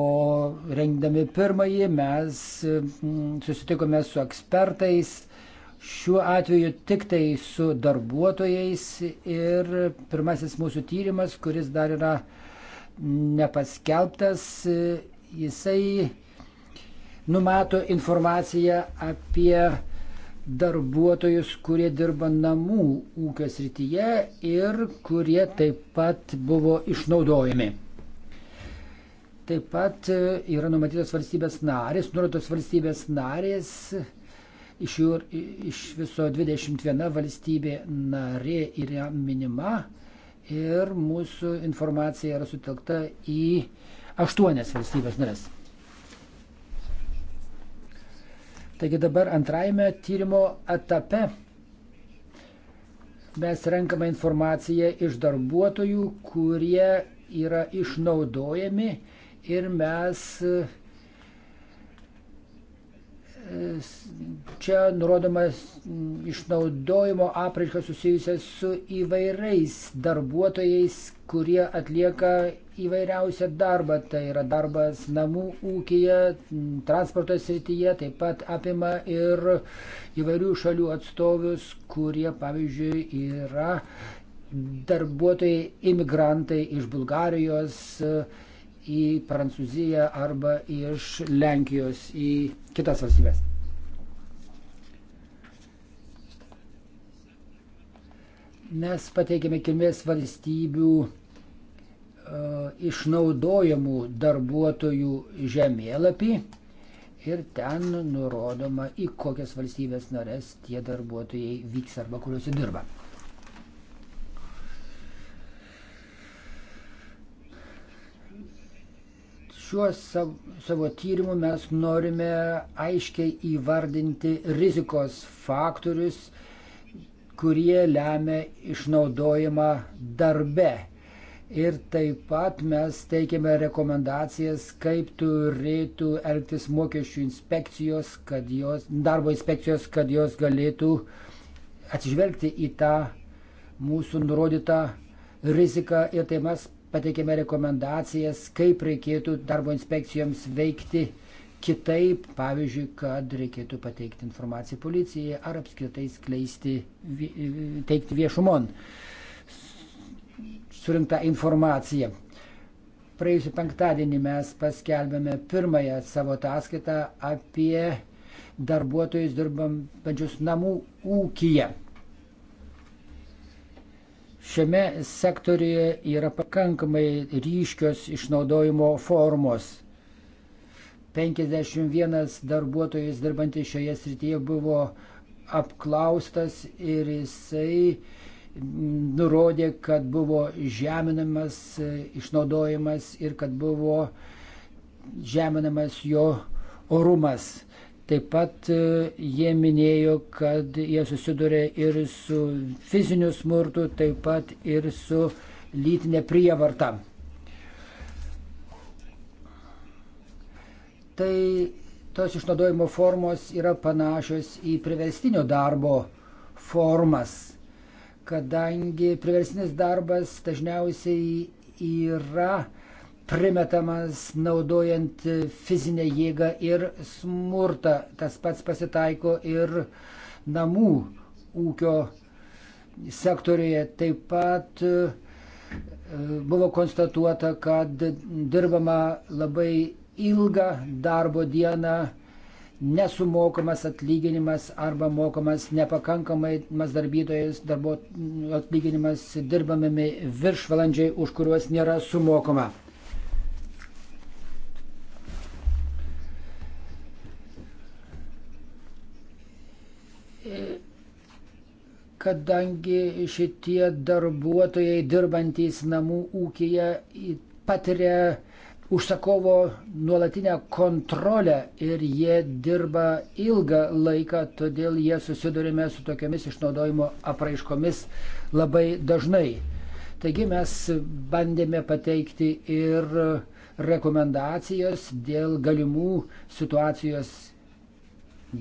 o rengdami pirmąjį mes susitikome su ekspertais, šiuo atveju tik tai su darbuotojais ir pirmasis mūsų tyrimas, kuris dar yra nepaskelbtas, jisai numato informaciją apie darbuotojus, kurie dirba namų ūkio srityje ir kurie taip pat buvo išnaudojami. Taip pat e, yra numatytos valstybės narės, nurodytos valstybės narės, iš, jų, iš viso 21 valstybė narė yra minima ir mūsų informacija yra sutelkta į aštuonias valstybės narės. Taigi dabar antrajame tyrimo etape mes renkame informaciją iš darbuotojų, kurie yra išnaudojami ir mes čia nurodomas išnaudojimo apraiškas susijusias su įvairiais darbuotojais, kurie atlieka įvairiausią darbą. Tai yra darbas namų ūkija, transporto srityje, taip pat apima ir įvairių šalių atstovus, kurie, pavyzdžiui, yra darbuotojai, imigrantai iš Bulgarijos, į Prancūziją arba iš Lenkijos į kitas valstybės. Mes pateikėme kilmės valstybių e, išnaudojamų darbuotojų žemėlapį ir ten nurodoma, į kokias valstybės narės tie darbuotojai vyks arba kuriuose dirba. Šiuo savo, savo tyrimu mes norime aiškiai įvardinti rizikos faktorius, kurie lemia išnaudojimą darbe. Ir taip pat mes teikiame rekomendacijas, kaip turėtų elgtis mokesčių inspekcijos, kad jos, darbo inspekcijos, kad jos galėtų atsižvelgti į tą mūsų nurodytą riziką ir tai mes pateikėme rekomendacijas, kaip reikėtų darbo inspekcijoms veikti kitaip, pavyzdžiui, kad reikėtų pateikti informaciją policijai ar apskritai skleisti, teikti viešumon surinktą informaciją. Praėjusiu penktadienį mes paskelbėme pirmąją savo ataskaitą apie darbuotojus dirbančius namų ūkiją. Šiame sektoriuje yra pakankamai ryškios išnaudojimo formos. 51 darbuotojas dirbantis šioje srityje buvo apklaustas ir jisai mm, nurodė, kad buvo žeminamas, išnaudojamas ir kad buvo žeminamas jo orumas. Taip pat e, jie minėjo, kad jie susiduria ir su fiziniu smurtu, taip pat ir su lytinė prievarta. Tai tos išnaudojimo formos yra panašios į priverstinio darbo formas, kadangi priverstinis darbas dažniausiai yra primetamas naudojant fizinę jėgą ir smurtą. Tas pats pasitaiko ir namų ūkio sektoriuje. Taip pat e, buvo konstatuota, kad dirbama labai ilgą darbo dieną, nesumokamas atlyginimas arba mokamas nepakankamai darbytojas darbo atlyginimas dirbamami viršvalandžiai, už kuriuos nėra sumokama. kadangi šitie darbuotojai dirbantys namų ūkija patiria užsakovo nuolatinę kontrolę ir jie dirba ilgą laiką, todėl jie susidurime su tokiamis išnaudojimo apraiškomis labai dažnai. Taigi mes bandėme pateikti ir rekomendacijos dėl galimų situacijos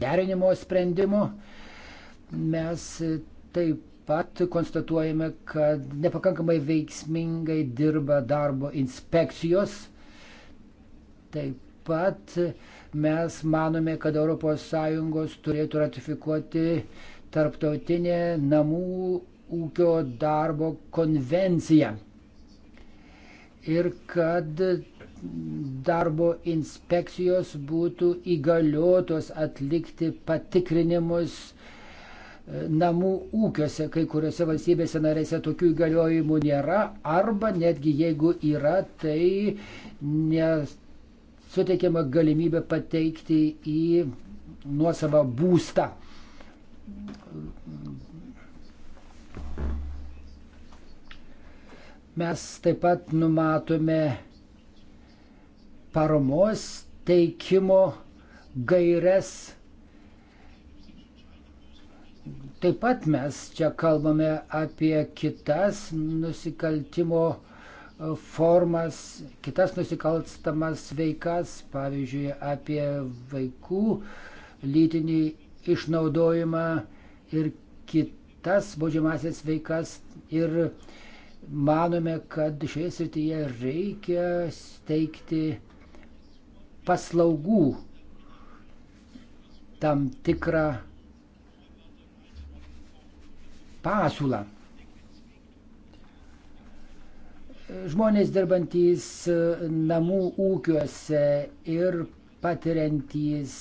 derinimo sprendimų mes Taip pat konstatuojame, kad nepakankamai veiksmingai dirba darbo inspekcijos. Taip pat mes manome, kad ES turėtų ratifikuoti tarptautinę namų ūkio darbo konvenciją. Ir kad darbo inspekcijos būtų įgaliotos atlikti patikrinimus, uh, namų ūkiuose, kai kuriuose valstybėse narėse tokių įgaliojimų nėra, arba netgi jeigu yra, tai nesuteikiama galimybė pateikti į nuosavą būstą. Mes taip pat numatome paramos teikimo gairias Taip pat mes čia kalbame apie kitas nusikaltimo e, formas, kitas nusikalstamas veikas, pavyzdžiui, apie vaikų lytinį išnaudojimą ir kitas baudžiamasias veikas. Ir manome, kad šioje srityje reikia steigti paslaugų tam tikrą pasiūlą. Žmonės dirbantys namų ūkiuose ir patiriantys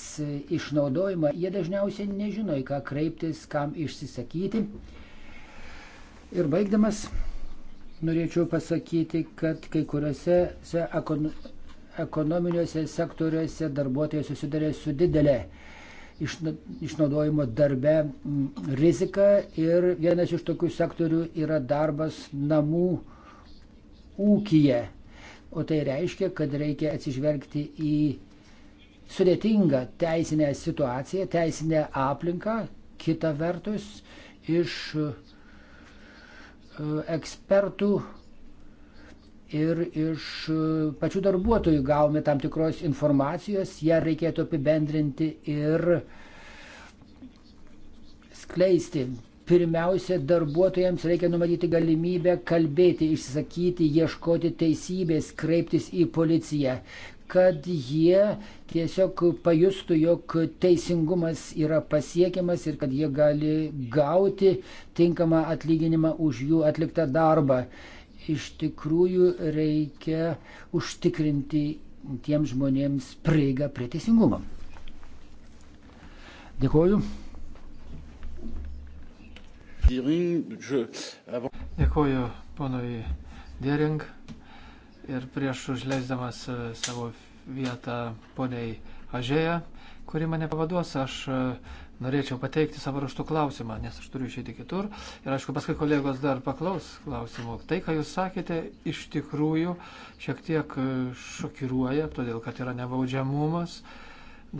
išnaudojimą, jie dažniausiai nežino, į ką kreiptis, kam išsisakyti. Ir baigdamas, norėčiau pasakyti, kad kai kuriuose ekonominiuose sektoriuose darbuotojai susidarė su didelė išnaudojimo darbe rizika ir vienas iš tokių sektorių yra darbas namų ūkija. O tai reiškia, kad reikia atsižvelgti į sudėtingą teisinę situaciją, teisinę aplinką, kita vertus iš e, ekspertų ir iš e, pačių darbuotojų gavome tam tikros informacijos, ją reikėtų apibendrinti ir skleisti. Pirmiausia, darbuotojams reikia numatyti galimybę kalbėti, išsakyti, ieškoti teisybės, kreiptis į policiją, kad jie tiesiog pajustų, jog teisingumas yra pasiekiamas ir kad jie gali gauti tinkamą atlyginimą už jų atliktą darbą iš tikrųjų reikia užtikrinti tiems žmonėms prieigą prie teisingumo. Dėkuoju. Dėkuoju ponui Dering ir prieš užleisdamas e, savo vietą poniai Ažėja, kuri mane pavaduos, aš e, norėčiau pateikti savo raštų klausimą, nes aš turiu išėti kitur. Ir aišku, paskui kolegos dar paklaus klausimų. Tai, ką jūs sakėte, iš tikrųjų šiek tiek e, šokiruoja, todėl kad yra nebaudžiamumas,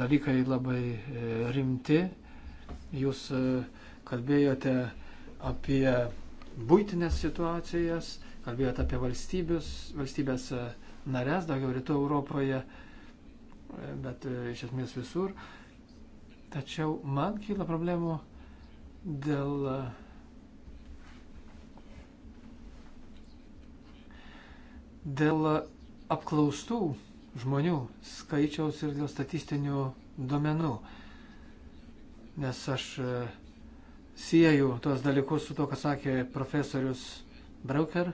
dalykai labai e, rimti. Jūs e, kalbėjote apie būtinės situacijas, kalbėjote apie valstybės narės, daugiau rytų Europoje, bet iš esmės visur. Uh, Tačiau man kyla problemų dėl dėl apklaustų žmonių skaičiaus ir dėl statistinių duomenų. Nes aš e, sieju tos dalykus su to, ką sakė profesorius Brauker,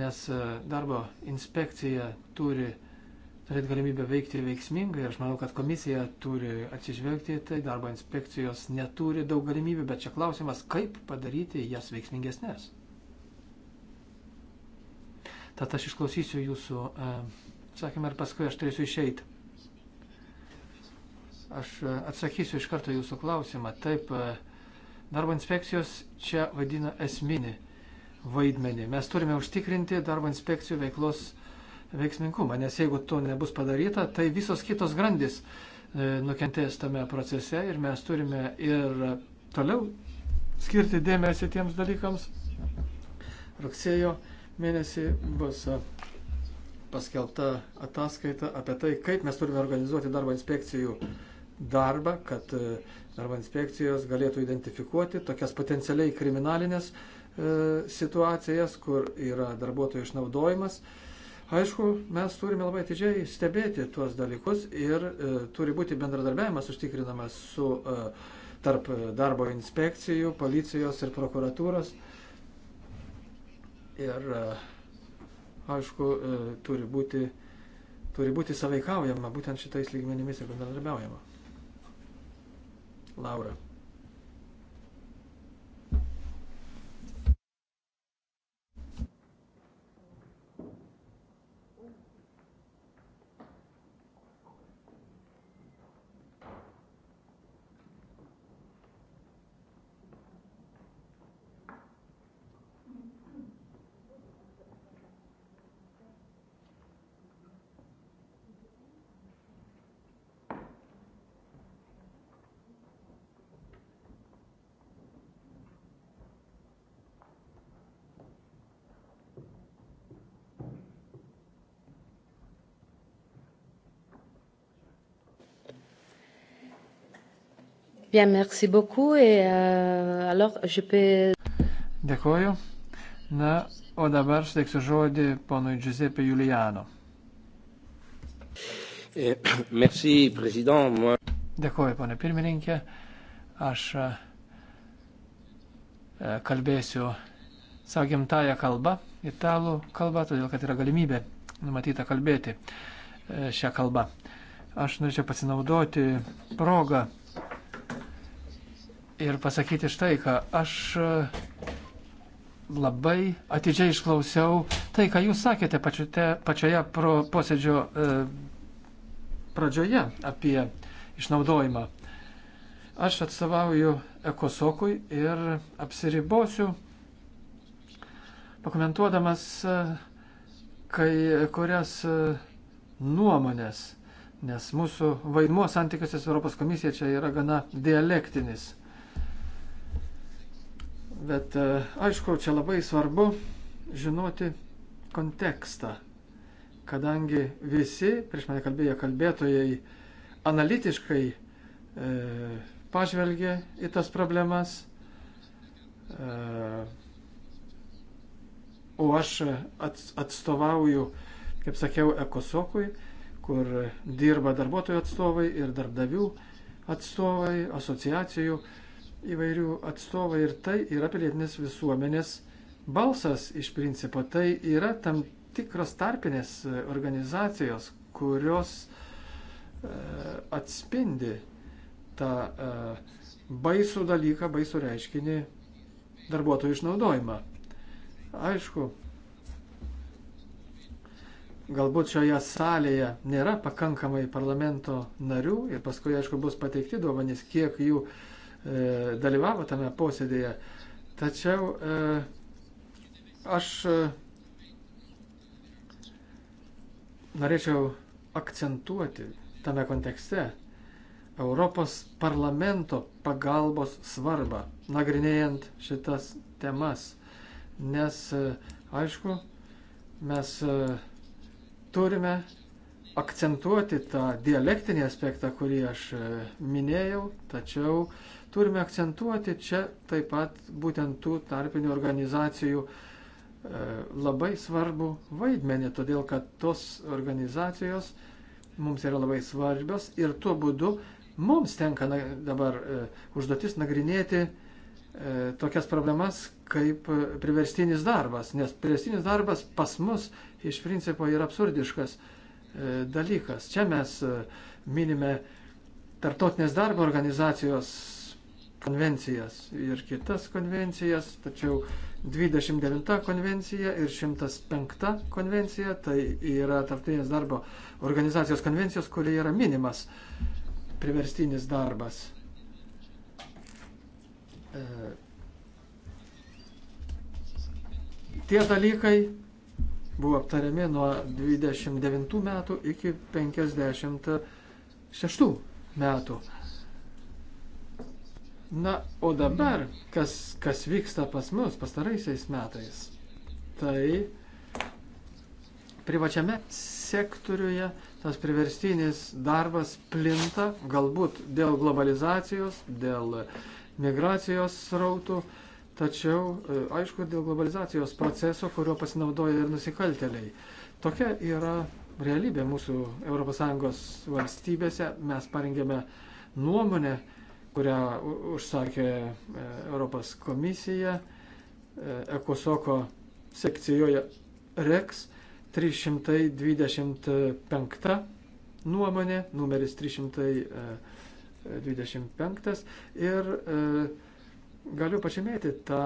nes e, darbo inspekcija turi turėti galimybę veikti veiksmingai. Aš manau, kad komisija turi atsižvelgti į tai, darbo inspekcijos neturi daug galimybių, bet čia klausimas, kaip padaryti jas veiksmingesnės. Tad aš išklausysiu jūsų e, atsakymą ir paskui aš turėsiu išeiti. Aš e, atsakysiu iš karto jūsų klausimą. Taip, e, darbo inspekcijos čia vadina esminį vaidmenį. Mes turime užtikrinti darbo inspekcijų veiklos vaidmenį veiksmingumą, nes jeigu to nebus padaryta, tai visos kitos grandis e, nukentės tame procese ir mes turime ir toliau skirti dėmesį tiems dalykams. Rugsėjo mėnesį bus e, paskelbta ataskaita apie tai, kaip mes turime organizuoti darbo inspekcijų darbą, kad e, darbo inspekcijos galėtų identifikuoti tokias potencialiai kriminalinės situacijas, kur yra darbuotojų išnaudojimas Aišku, mes turime labai atidžiai stebėti tuos dalykus ir e, turi būti bendradarbiavimas užtikrinamas su, e, tarp darbo inspekcijų, policijos ir prokuratūros. Ir e, aišku, e, turi, būti, turi būti saveikaujama būtent šitais lygmenimis ir bendradarbiaujama. Laura. Bien, merci beaucoup. Et, uh, alors, je peux... Dėkoju. Na, o dabar suteiksiu žodį ponui Giuseppe Juliano. Eh, merci, prezident. Dėkoju, ponė pirmininkė. Aš eh, kalbėsiu savo gimtają kalbą, italų kalbą, todėl kad yra galimybė numatyta kalbėti eh, šią kalbą. Aš norėčiau pasinaudoti progą ir pasakyti štai ką. Aš e, labai atidžiai išklausiau tai, ką jūs sakėte pačiute, pačioje pro, posėdžio e, pradžioje apie išnaudojimą. Aš atstovauju Ekosokui ir apsiribosiu pakomentuodamas e, kai kurias e, nuomonės, nes mūsų vaidmuo santykiuose su Europos komisija čia yra gana dialektinis. Bet e, aišku, čia labai svarbu žinoti kontekstą, kadangi visi prieš mane kalbėję kalbėtojai analitiškai e, pažvelgė į tas problemas, e, o aš atstovauju, kaip sakiau, ekosokui, kur dirba darbuotojų atstovai ir darbdavių atstovai, asociacijų atstovai įvairių atstovai ir tai yra pilietinės visuomenės balsas iš principo. Tai yra tam tikros tarpinės organizacijos, kurios e, atspindi tą e, baisų dalyką, baisų reiškinį darbuotojų išnaudojimą. Aišku, galbūt šioje salėje nėra pakankamai parlamento narių ir paskui, aišku, bus pateikti duomenys, kiek jų e, E, dalyvavo tame posėdėje. Tačiau e, aš e, norėčiau akcentuoti tame kontekste Europos parlamento pagalbos svarbą, nagrinėjant šitas temas. Nes, aišku, mes turime akcentuoti tą dialektinį aspektą, kurį aš minėjau, tačiau uh, Turime akcentuoti čia taip pat būtent tų tarpinių organizacijų e, labai svarbu vaidmenį, todėl kad tos organizacijos mums yra labai svarbios ir tuo būdu mums tenka dabar e, užduotis nagrinėti e, tokias problemas kaip priverstinis darbas, nes priverstinis darbas pas mus iš principo yra absurdiškas dalykas. Čia mes minime Tartotinės darbo organizacijos konvencijas ir kitas konvencijas, tačiau 29 konvencija ir 105 konvencija, tai yra Tarptautinės darbo organizacijos konvencijos, kurioje yra minimas priverstinis darbas. E, tie dalykai buvo aptariami nuo 29 metų iki 56 metų. Na, o dabar, kas, kas vyksta pas mus pastaraisiais metais, tai privačiame sektoriuje tas priverstinis darbas plinta, galbūt dėl globalizacijos, dėl migracijos srautų, tačiau, e, aišku, dėl globalizacijos proceso, kurio pasinaudoja ir nusikalteliai. Tokia yra realybė mūsų ES valstybėse. Mes parengėme nuomonę, kurią užsakė e, Europos komisija, e, Ekosoko sekcijoje REX 325 nuomonė, numeris 325 e, ir galiu pažymėti tą,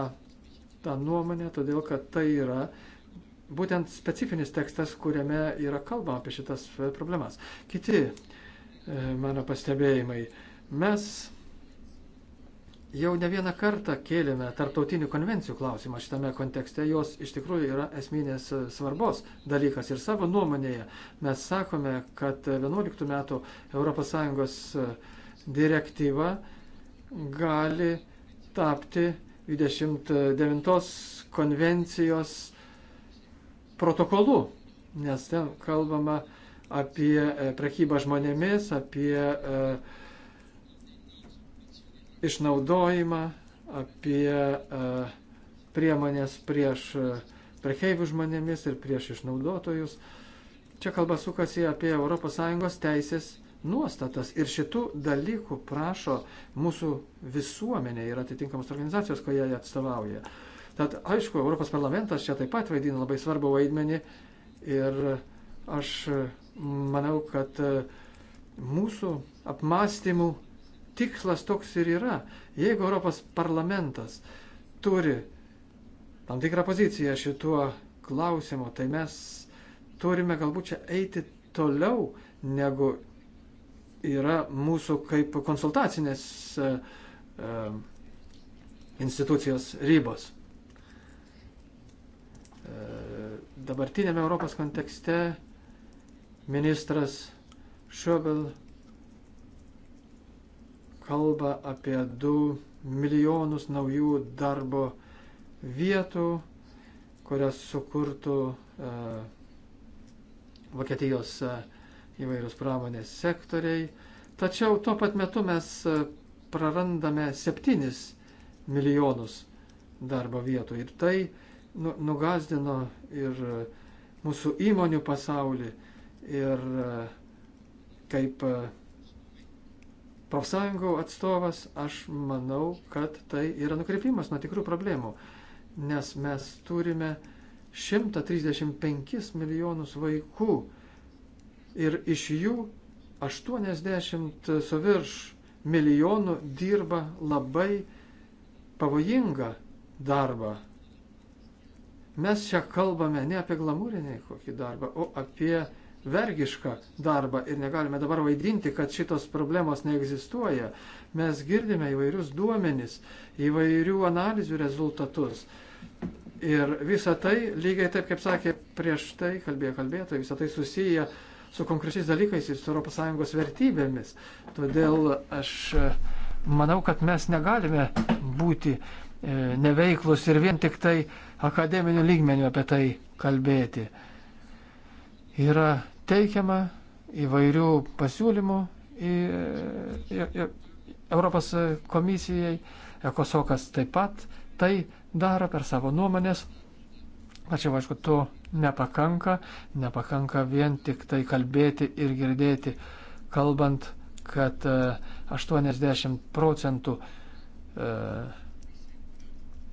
tą nuomonę, todėl kad tai yra būtent specifinis tekstas, kuriame yra kalbama apie šitas problemas. Kiti mano pastebėjimai. Mes jau ne vieną kartą kėlėme tarptautinių konvencijų klausimą šitame kontekste. Jos iš tikrųjų yra esminės e, svarbos dalykas. Ir savo nuomonėje mes sakome, kad 11 metų ES e, direktyva gali tapti 29 konvencijos protokolu, nes ten kalbama apie e, prekybą žmonėmis, apie uh, išnaudojimą, apie e, priemonės prieš e, prekeivių žmonėmis ir prieš išnaudotojus. Čia kalba sukasi apie ES teisės nuostatas ir šitų dalykų prašo mūsų visuomenė ir atitinkamos organizacijos, ko jie atstovauja. Tad aišku, Europos parlamentas čia taip pat vaidina labai svarbu vaidmenį ir aš e, manau, kad mūsų apmąstymų tikslas toks ir yra. Jeigu Europos parlamentas turi tam tikrą poziciją šituo klausimu, tai mes turime galbūt čia eiti toliau negu yra mūsų kaip konsultacinės e, e institucijos ribos. E, dabartinėme Europos kontekste ministras Šobel kalba apie 2 milijonus naujų darbo vietų, kurias sukurtų e, Vokietijos e, įvairius pramonės sektoriai. Tačiau tuo pat metu mes e, prarandame 7 milijonus darbo vietų. Ir tai nu, nugazdino ir e, mūsų įmonių pasaulį, ir e, kaip e, profsąjungų atstovas, aš manau, kad tai yra nukreipimas nuo tikrų problemų, nes mes turime 135 milijonus vaikų ir iš jų 80 su virš milijonų dirba labai pavojingą darbą. Mes čia kalbame ne apie glamūrinį kokį darbą, o apie vergišką darbą ir negalime dabar vaidinti, kad šitos problemos neegzistuoja. Mes girdime įvairius duomenis, įvairių analizių rezultatus. Ir visa tai, lygiai taip kaip sakė prieš tai kalbėjo kalbėtojai, visa tai susiję su konkrečiais dalykais ir su ES vertybėmis. Todėl aš e, manau, kad mes negalime būti e, neveiklus ir vien tik tai akademinių lygmenių apie tai kalbėti. Yra teikiama įvairių pasiūlymų į, į, į Europos komisijai. Ekosokas taip pat tai daro per savo nuomonės. Tačiau, aišku, to nepakanka. Nepakanka vien tik tai kalbėti ir girdėti, kalbant, kad 80 e, procentų e,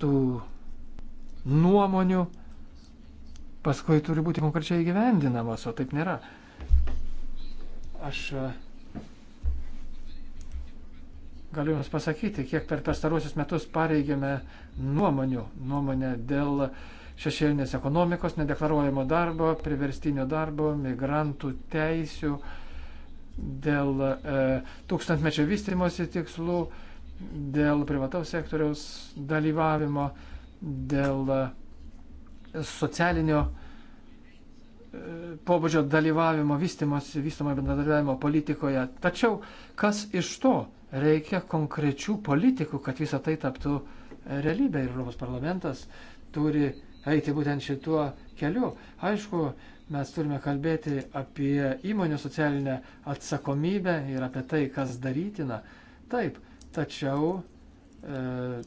tų nuomonių paskui turi būti konkrečiai gyvendinamos, o taip nėra. Aš e, galiu Jums pasakyti, kiek per pastarosius metus pareigėme nuomonių, nuomonę dėl šešėlinės ekonomikos, nedeklaruojamo darbo, priverstinio darbo, migrantų teisių, dėl e, tūkstantmečio vystimosi tikslų, dėl privataus sektoriaus dalyvavimo, dėl e, socialinio e, pobūdžio dalyvavimo, vystimosi, vystomo bendradarbiavimo politikoje. Tačiau kas iš to? Reikia konkrečių politikų, kad visą tai taptų realybė ir Europos parlamentas turi eiti būtent šituo keliu. Aišku, mes turime kalbėti apie įmonių socialinę atsakomybę ir apie tai, kas darytina. Taip, tačiau e,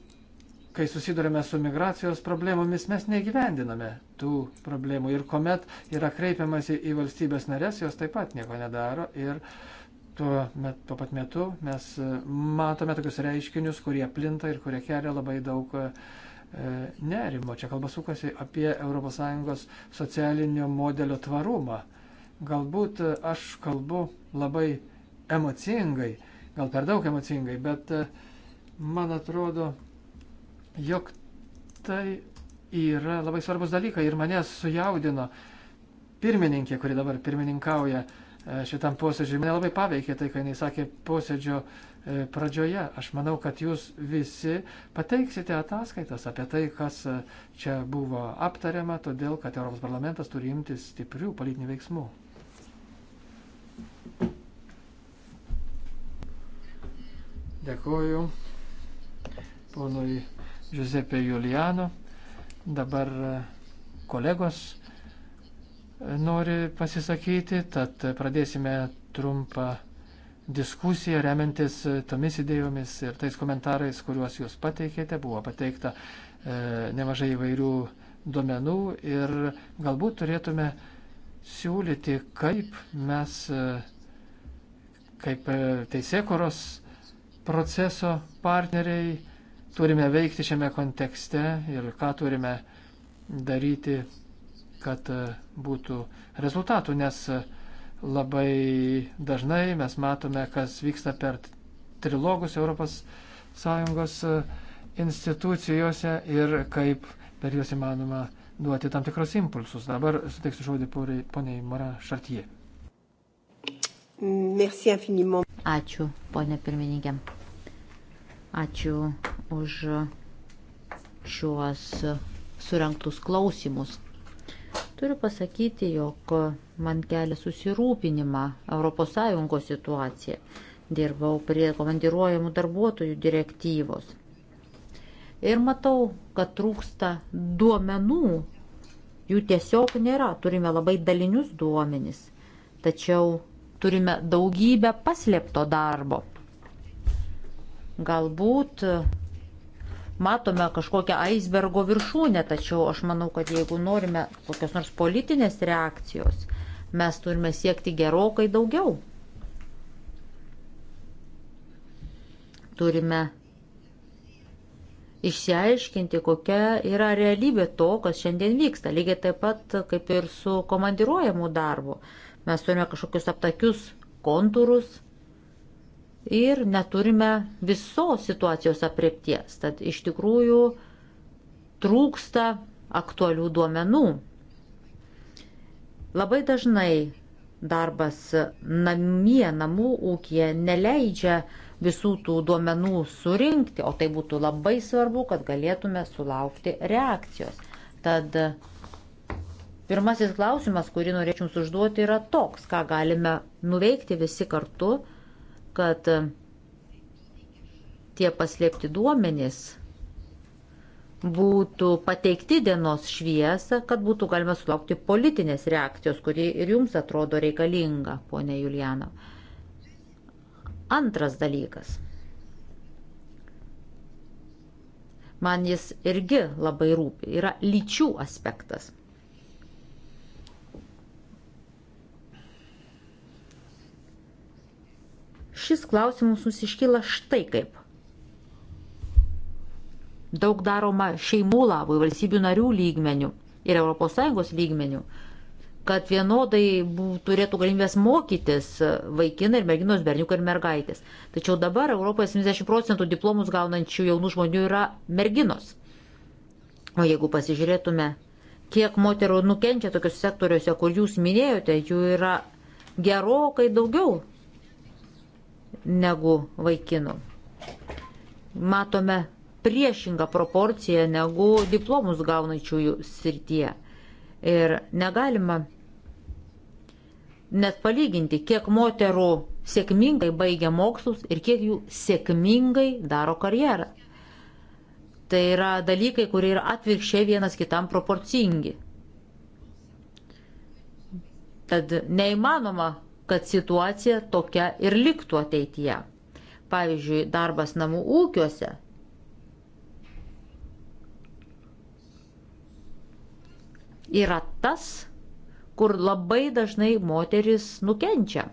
kai susidurime su migracijos problemomis, mes negyvendiname tų problemų. Ir kuomet yra kreipiamasi į valstybės narės, jos taip pat nieko nedaro. Ir tuo, met, tuo pat metu mes e, matome tokius reiškinius, kurie plinta ir kurie kelia labai daug e, nerimo. Čia kalba sukasi apie ES socialinio modelio tvarumą. Galbūt e, aš kalbu labai emocingai, gal per daug emocingai, bet e, man atrodo, jog tai yra labai svarbus dalykai ir mane sujaudino pirmininkė, kuri dabar pirmininkauja e, šitam posėdžiui. Mane labai paveikė tai, kai jis sakė posėdžio e, pradžioje. Aš manau, kad jūs visi pateiksite ataskaitas apie tai, kas e, čia buvo aptariama, todėl kad Europos parlamentas turi imtis stiprių politinių veiksmų. Dėkuoju ponui Giuseppe Juliano. Dabar e, kolegos e, nori pasisakyti, tad pradėsime trumpą diskusiją remiantis tomis idėjomis ir tais komentarais, kuriuos jūs pateikėte. Buvo pateikta e, nemažai įvairių duomenų ir galbūt turėtume siūlyti, kaip mes, e, kaip teisėkuros proceso partneriai, turime veikti šiame kontekste ir ką turime daryti, kad e, būtų rezultatų, nes e, labai dažnai mes matome, kas vyksta per trilogus ES e, institucijose ir kaip per juos įmanoma duoti tam tikrus impulsus. Dabar suteiksiu žodį poniai Mara Šartie. Ačiū, ponė pirmininkė. Ačiū už šiuos surinktus klausimus. Turiu pasakyti, jog man kelia susirūpinimą ES situacija. Dirbau prie komandiruojamų darbuotojų direktyvos. Ir matau, kad trūksta duomenų. Jų tiesiog nėra. Turime labai dalinius duomenis. Tačiau turime daugybę paslėpto darbo. Galbūt matome kažkokią aisbergo viršūnę, tačiau aš manau, kad jeigu norime kokios nors politinės reakcijos, mes turime siekti gerokai daugiau. Turime išsiaiškinti, kokia yra realybė to, kas šiandien vyksta. Lygiai taip pat kaip ir su komandiruojamu darbu. Mes turime kažkokius aptakius kontūrus, ir neturime visos situacijos apriepties. Tad iš tikrųjų trūksta aktualių duomenų. Labai dažnai darbas namie, namų ūkija neleidžia visų tų duomenų surinkti, o tai būtų labai svarbu, kad galėtume sulaukti reakcijos. Tad pirmasis klausimas, kurį norėčiau užduoti, yra toks, ką galime nuveikti visi kartu, kad e, tie paslėpti duomenys būtų pateikti dienos šviesą, kad būtų galima sulaukti politinės reakcijos, kuri ir jums atrodo reikalinga, ponė Juliana. Antras dalykas. Man jis irgi labai rūpi. Yra lyčių aspektas. Šis klausimas mums iškyla štai kaip. Daug daroma šeimų labui, valstybių narių lygmenių ir ES lygmenių, kad vienodai turėtų galimybės mokytis vaikinai ir merginos, berniukai ir mergaitės. Tačiau dabar Europoje 70 procentų diplomus gaunančių jaunų žmonių yra merginos. O jeigu pasižiūrėtume, kiek moterų nukenčia tokiuose sektoriuose, kur jūs minėjote, jų yra gerokai daugiau negu vaikinų. Matome priešingą proporciją negu diplomus gaunančiųjų srityje. Ir negalima net palyginti, kiek moterų sėkmingai baigia mokslus ir kiek jų sėkmingai daro karjerą. Tai yra dalykai, kurie yra atvirkščiai vienas kitam proporcingi. Tad neįmanoma kad situacija tokia ir liktų ateityje. Pavyzdžiui, darbas namų ūkiuose. Yra tas, kur labai dažnai moteris nukenčia.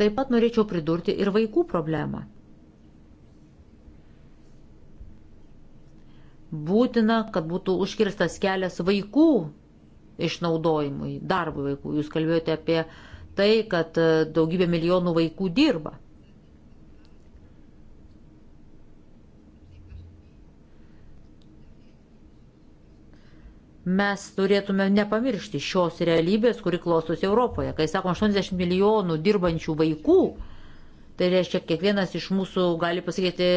Taip pat norėčiau pridurti ir vaikų problemą. Būtina, kad būtų užkirstas kelias vaikų išnaudojimui, darbui vaikų. Jūs kalbėjote apie tai, kad e, daugybė milijonų vaikų dirba. Mes turėtume nepamiršti šios realybės, kuri klostosi Europoje. Kai sakom 80 milijonų dirbančių vaikų, tai reiškia, kiekvienas iš mūsų gali pasakyti,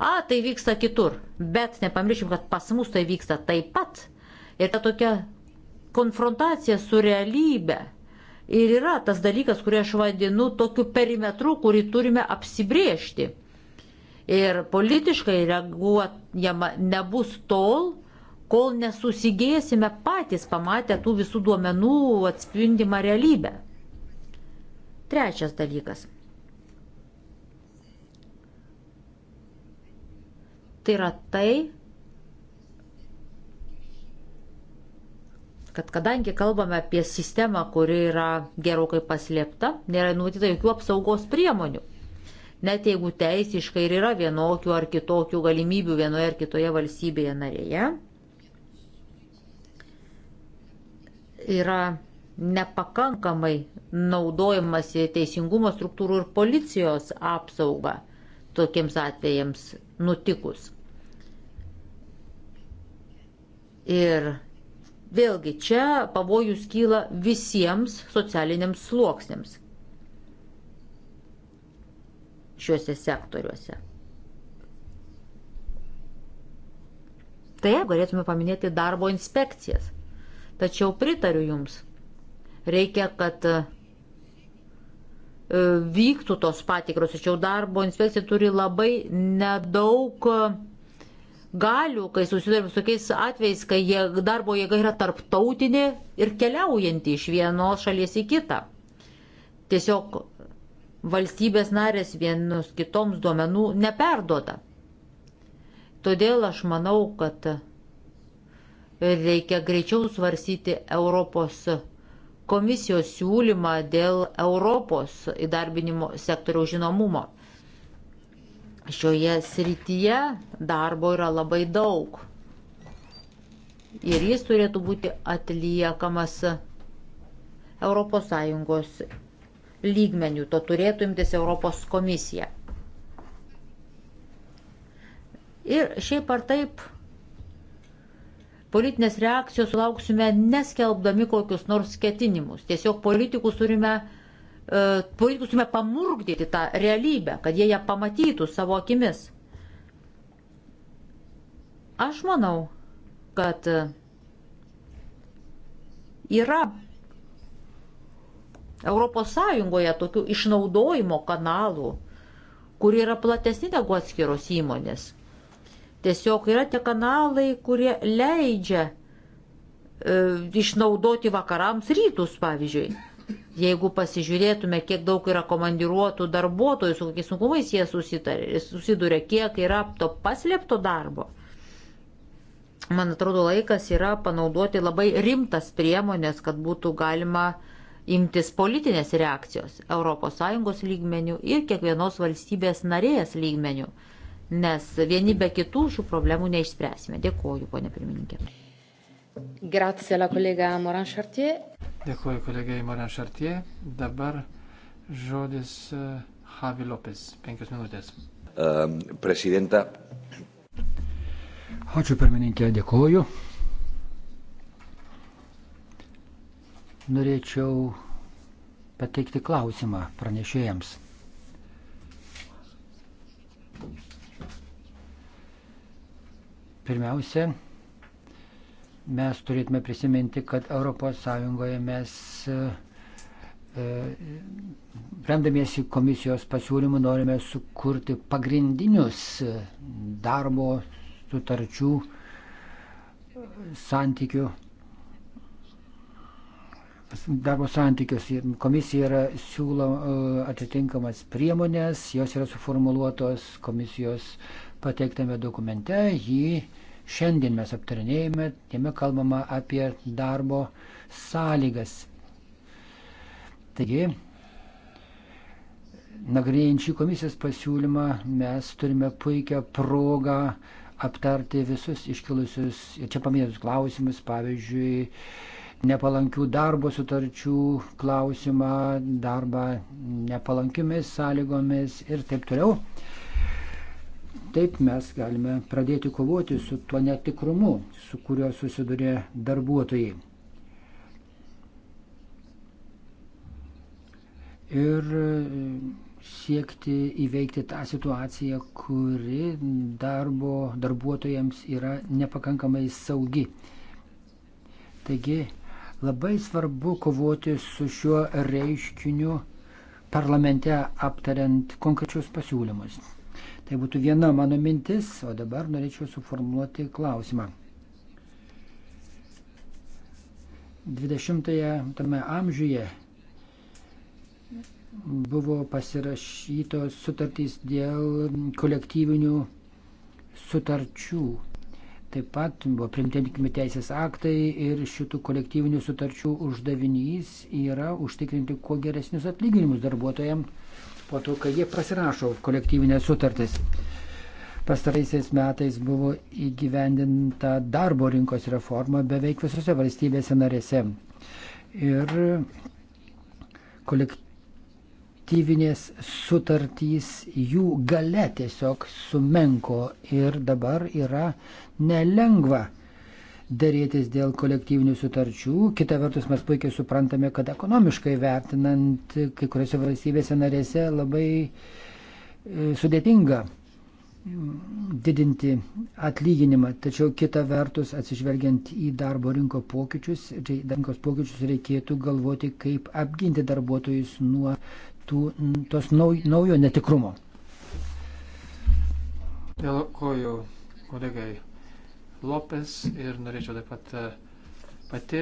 a, tai vyksta kitur. Bet nepamirškim, kad pas mus tai vyksta taip pat. Ir ta tokia konfrontacija su realybe ir yra tas dalykas, kurį aš vadinu tokiu perimetru, kurį turime apsibriežti. Ir politiškai reaguojama nebus tol, kol nesusigėsime patys pamatę tų visų duomenų atspindimą realybę. Trečias dalykas. Tai yra tai, kad kadangi kalbame apie sistemą, kuri yra gerokai paslėpta, nėra numatyta jokių apsaugos priemonių. Net jeigu teisiškai ir yra vienokių ar kitokių galimybių vienoje ar kitoje valstybėje narėje, yra nepakankamai naudojamasi teisingumo struktūrų ir policijos apsauga tokiems atvejams nutikus. Ir Vėlgi čia pavojus kyla visiems socialiniams sluoksniams šiuose sektoriuose. Tai galėtume paminėti darbo inspekcijas. Tačiau pritariu Jums. Reikia, kad e, vyktų tos patikros, tačiau darbo inspekcija turi labai nedaug e, galių, kai susidurėm su tokiais atvejais, kai jie, darbo jėga yra tarptautinė ir keliaujanti iš vienos šalies į kitą. Tiesiog valstybės narės vienus kitoms duomenų neperduoda. Todėl aš manau, kad reikia greičiau svarsyti Europos komisijos siūlymą dėl Europos įdarbinimo sektoriaus žinomumo. Šioje srityje darbo yra labai daug. Ir jis turėtų būti atliekamas ES lygmenių. To turėtų imtis Europos komisija. Ir šiaip ar taip politinės reakcijos sulauksime neskelbdami kokius nors ketinimus. Tiesiog politikus turime politikus e, turime pamurgdyti tą realybę, kad jie ją pamatytų savo akimis. Aš manau, kad e, yra Europos Sąjungoje tokių išnaudojimo kanalų, kurie yra platesni negu atskiros įmonės. Tiesiog yra tie kanalai, kurie leidžia e, išnaudoti vakarams rytus, pavyzdžiui. Jeigu pasižiūrėtume, kiek daug yra komandiruotų darbuotojų, su kokiais sunkumais jie susiduria, kiek yra to paslėpto darbo, man atrodo, laikas yra panaudoti labai rimtas priemonės, kad būtų galima imtis politinės reakcijos ES lygmenių ir kiekvienos valstybės narės lygmenių, nes vieni be kitų šių problemų neišspręsime. Dėkuoju, ponė pirmininkė. Grazie alla kolega Moran Chartier. Dėkuoju kolegai Moran Chartier. Dabar žodis e, Javi Lopes, penkios minutės. Um, e, Prezidenta. Ačiū pirmininkė, dėkuoju. Norėčiau pateikti klausimą pranešėjams. Pirmiausia, mes turėtume prisiminti, kad ES mes e, e, remdamiesi komisijos pasiūlymų norime sukurti pagrindinius darbo sutarčių santykių. Darbo santykius komisija yra siūlo e, atitinkamas priemonės, jos yra suformuoluotos komisijos pateiktame dokumente, jį šiandien mes aptarinėjame, jame kalbama apie darbo sąlygas. Taigi, nagrėjančių komisijos pasiūlymą mes turime puikią progą aptarti visus iškilusius ir čia paminėtus klausimus, pavyzdžiui, nepalankių darbo sutarčių klausimą, darbą nepalankiomis sąlygomis ir taip toliau. Taip mes galime pradėti kovoti su tuo netikrumu, su kuriuo susiduria darbuotojai. Ir e, siekti įveikti tą situaciją, kuri darbo darbuotojams yra nepakankamai saugi. Taigi labai svarbu kovoti su šiuo reiškiniu parlamente aptariant konkrečius pasiūlymus. Tai būtų viena mano mintis, o dabar norėčiau suformuoluoti klausimą. 20-ame amžiuje buvo pasirašytos sutartys dėl kolektyvinių sutarčių. Taip pat buvo primtini teisės aktai ir šitų kolektyvinių sutarčių uždavinys yra užtikrinti kuo geresnius atlyginimus darbuotojams po to, kai jie pasirašo kolektyvinės sutartis. Pastaraisiais metais buvo įgyvendinta darbo rinkos reforma beveik visose valstybėse narėse. Ir kolektyvinės sutartys jų gale tiesiog sumenko ir dabar yra nelengva dėrėtis dėl kolektyvinių sutarčių. Kita vertus, mes puikiai suprantame, kad ekonomiškai vertinant kai kuriuose valstybėse narėse labai e, sudėtinga didinti atlyginimą. Tačiau kita vertus, atsižvelgiant į darbo rinko pokyčius, tai rinkos pokyčius reikėtų galvoti, kaip apginti darbuotojus nuo tų, tos naujo, naujo netikrumo. Dėkoju, kolegai. Lopes ir norėčiau taip pat e, pati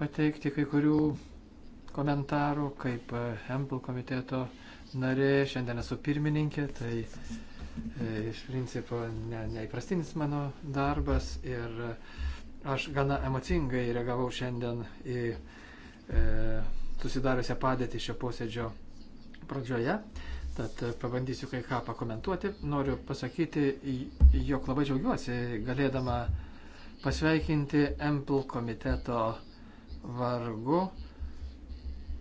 pateikti kai kurių komentarų, kaip e, Hempel komiteto narė, šiandien esu pirmininkė, tai e, iš principo ne, neįprastinis mano darbas ir aš gana emocingai reagavau šiandien į e, susidariusią padėtį šio posėdžio pradžioje. E, Tad pabandysiu kai ką pakomentuoti. Noriu pasakyti, jog labai džiaugiuosi galėdama pasveikinti Empl komiteto vargu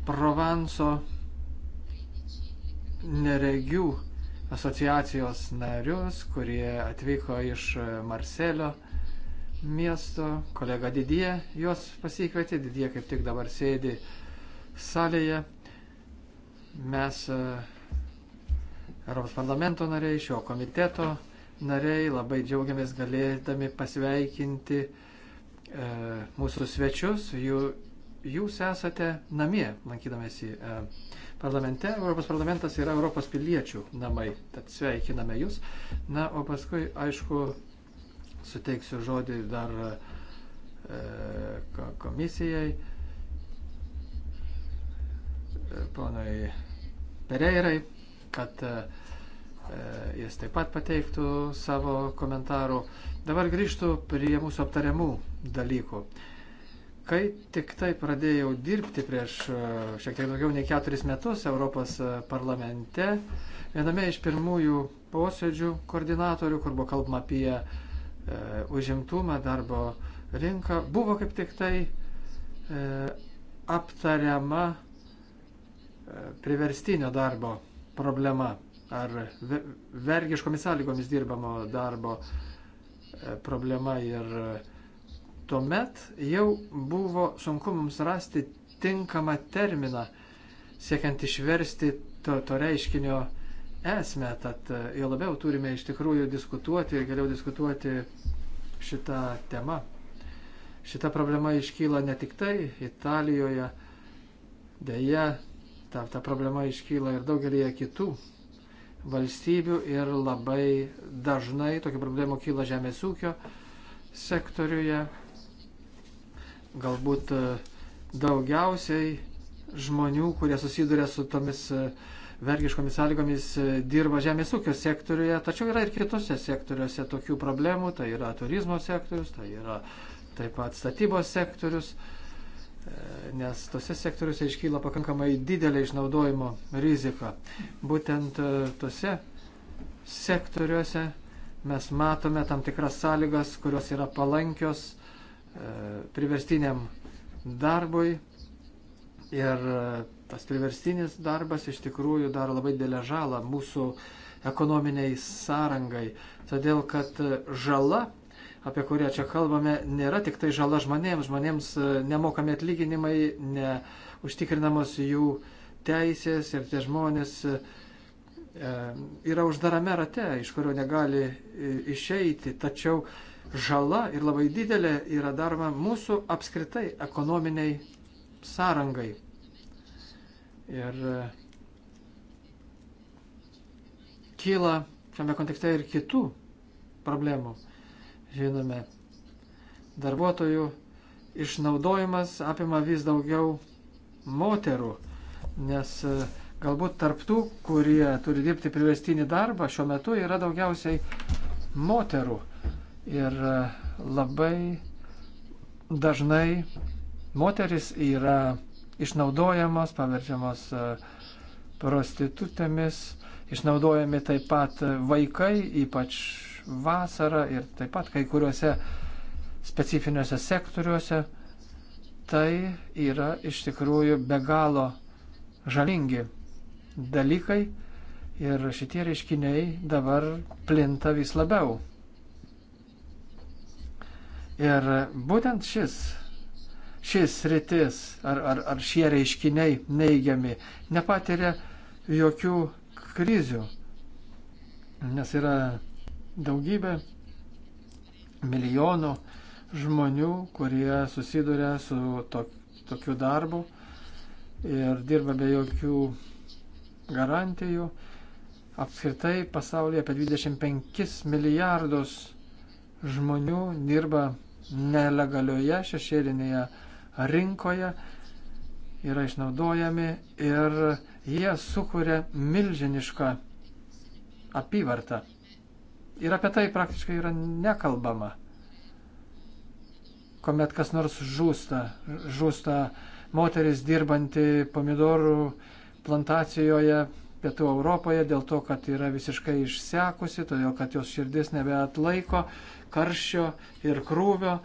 Provanso neregių asociacijos narius, kurie atvyko iš Marselio miesto. Kolega Didie juos pasikvietė, Didie kaip tik dabar sėdi salėje. Mes uh, Europos parlamento nariai, šio komiteto nariai, labai džiaugiamės galėdami pasveikinti e, mūsų svečius. Jų, jūs esate namie, lankydamėsi e, parlamente. Europos parlamentas yra Europos piliečių namai, tad sveikiname jūs. Na, o paskui, aišku, suteiksiu žodį dar e, komisijai. E, Ponai Pereirai, kad e, jis taip pat pateiktų savo komentarų. Dabar grįžtų prie mūsų aptariamų dalykų. Kai tik tai pradėjau dirbti prieš e, šiek tiek daugiau nei keturis metus Europos e, parlamente, viename iš pirmųjų posėdžių koordinatorių, kur buvo kalbama apie e, užimtumą, darbo rinką, buvo kaip tik tai e, aptariama e, priverstinio darbo problema, ar vergiškomis sąlygomis dirbamo darbo e, problema ir e, tuomet jau buvo sunku mums rasti tinkamą terminą, siekiant išversti to, to reiškinio esmę, tad e, jau labiau turime iš tikrųjų diskutuoti ir geriau diskutuoti šitą temą. Šita problema iškyla ne tik tai Italijoje, dėja ta, ta problema iškyla ir daugelįje kitų valstybių ir labai dažnai tokių problemų kyla žemės ūkio sektoriuje. Galbūt e, daugiausiai žmonių, kurie susiduria su tomis e, vergiškomis sąlygomis, e, dirba žemės ūkio sektoriuje, tačiau yra ir kitose sektoriuose tokių problemų, tai yra turizmo sektorius, tai yra taip pat statybos sektorius. Uh, nes tose sektoriuose iškyla pakankamai didelė išnaudojimo rizika. Būtent e, tose sektoriuose mes matome tam tikras sąlygas, kurios yra palankios e, priverstiniam darbui ir e, tas priverstinis darbas iš tikrųjų daro labai didelę žalą mūsų ekonominiai sąrangai, todėl kad žala apie kurią čia kalbame, nėra tik tai žala žmonėms. Žmonėms e, nemokami atlyginimai, neužtikrinamos jų teisės ir tie žmonės e, e, yra uždarame rate, iš kurio negali išeiti. Tačiau žala ir labai didelė yra daroma mūsų apskritai ekonominiai sąrangai. Ir kyla šiame kontekste ir kitų problemų žinome. Darbuotojų išnaudojimas apima vis daugiau moterų, nes e, galbūt tarptų, kurie turi dirbti privestinį darbą, šiuo metu yra daugiausiai moterų. Ir e, labai dažnai moteris yra išnaudojamos, paverčiamos e, prostitutėmis, išnaudojami taip pat vaikai, ypač vasarą ir taip pat kai kuriuose specifiniuose sektoriuose, tai yra iš tikrųjų be galo žalingi dalykai ir šitie reiškiniai dabar plinta vis labiau. Ir būtent šis šis rytis ar, ar, ar šie reiškiniai neigiami nepatiria jokių krizių, nes yra daugybė milijonų žmonių, kurie susiduria su to, tokiu darbu ir dirba be jokių garantijų. Apskritai pasaulyje apie 25 milijardus žmonių dirba nelegalioje šešėlinėje rinkoje, yra išnaudojami ir jie sukuria milžinišką apyvartą. Ir apie tai praktiškai yra nekalbama. Komet kas nors žūsta, žūsta moteris dirbanti pomidorų plantacijoje pietų Europoje dėl to, kad yra visiškai išsekusi, todėl kad jos širdis nebeatlaiko karščio ir krūvio.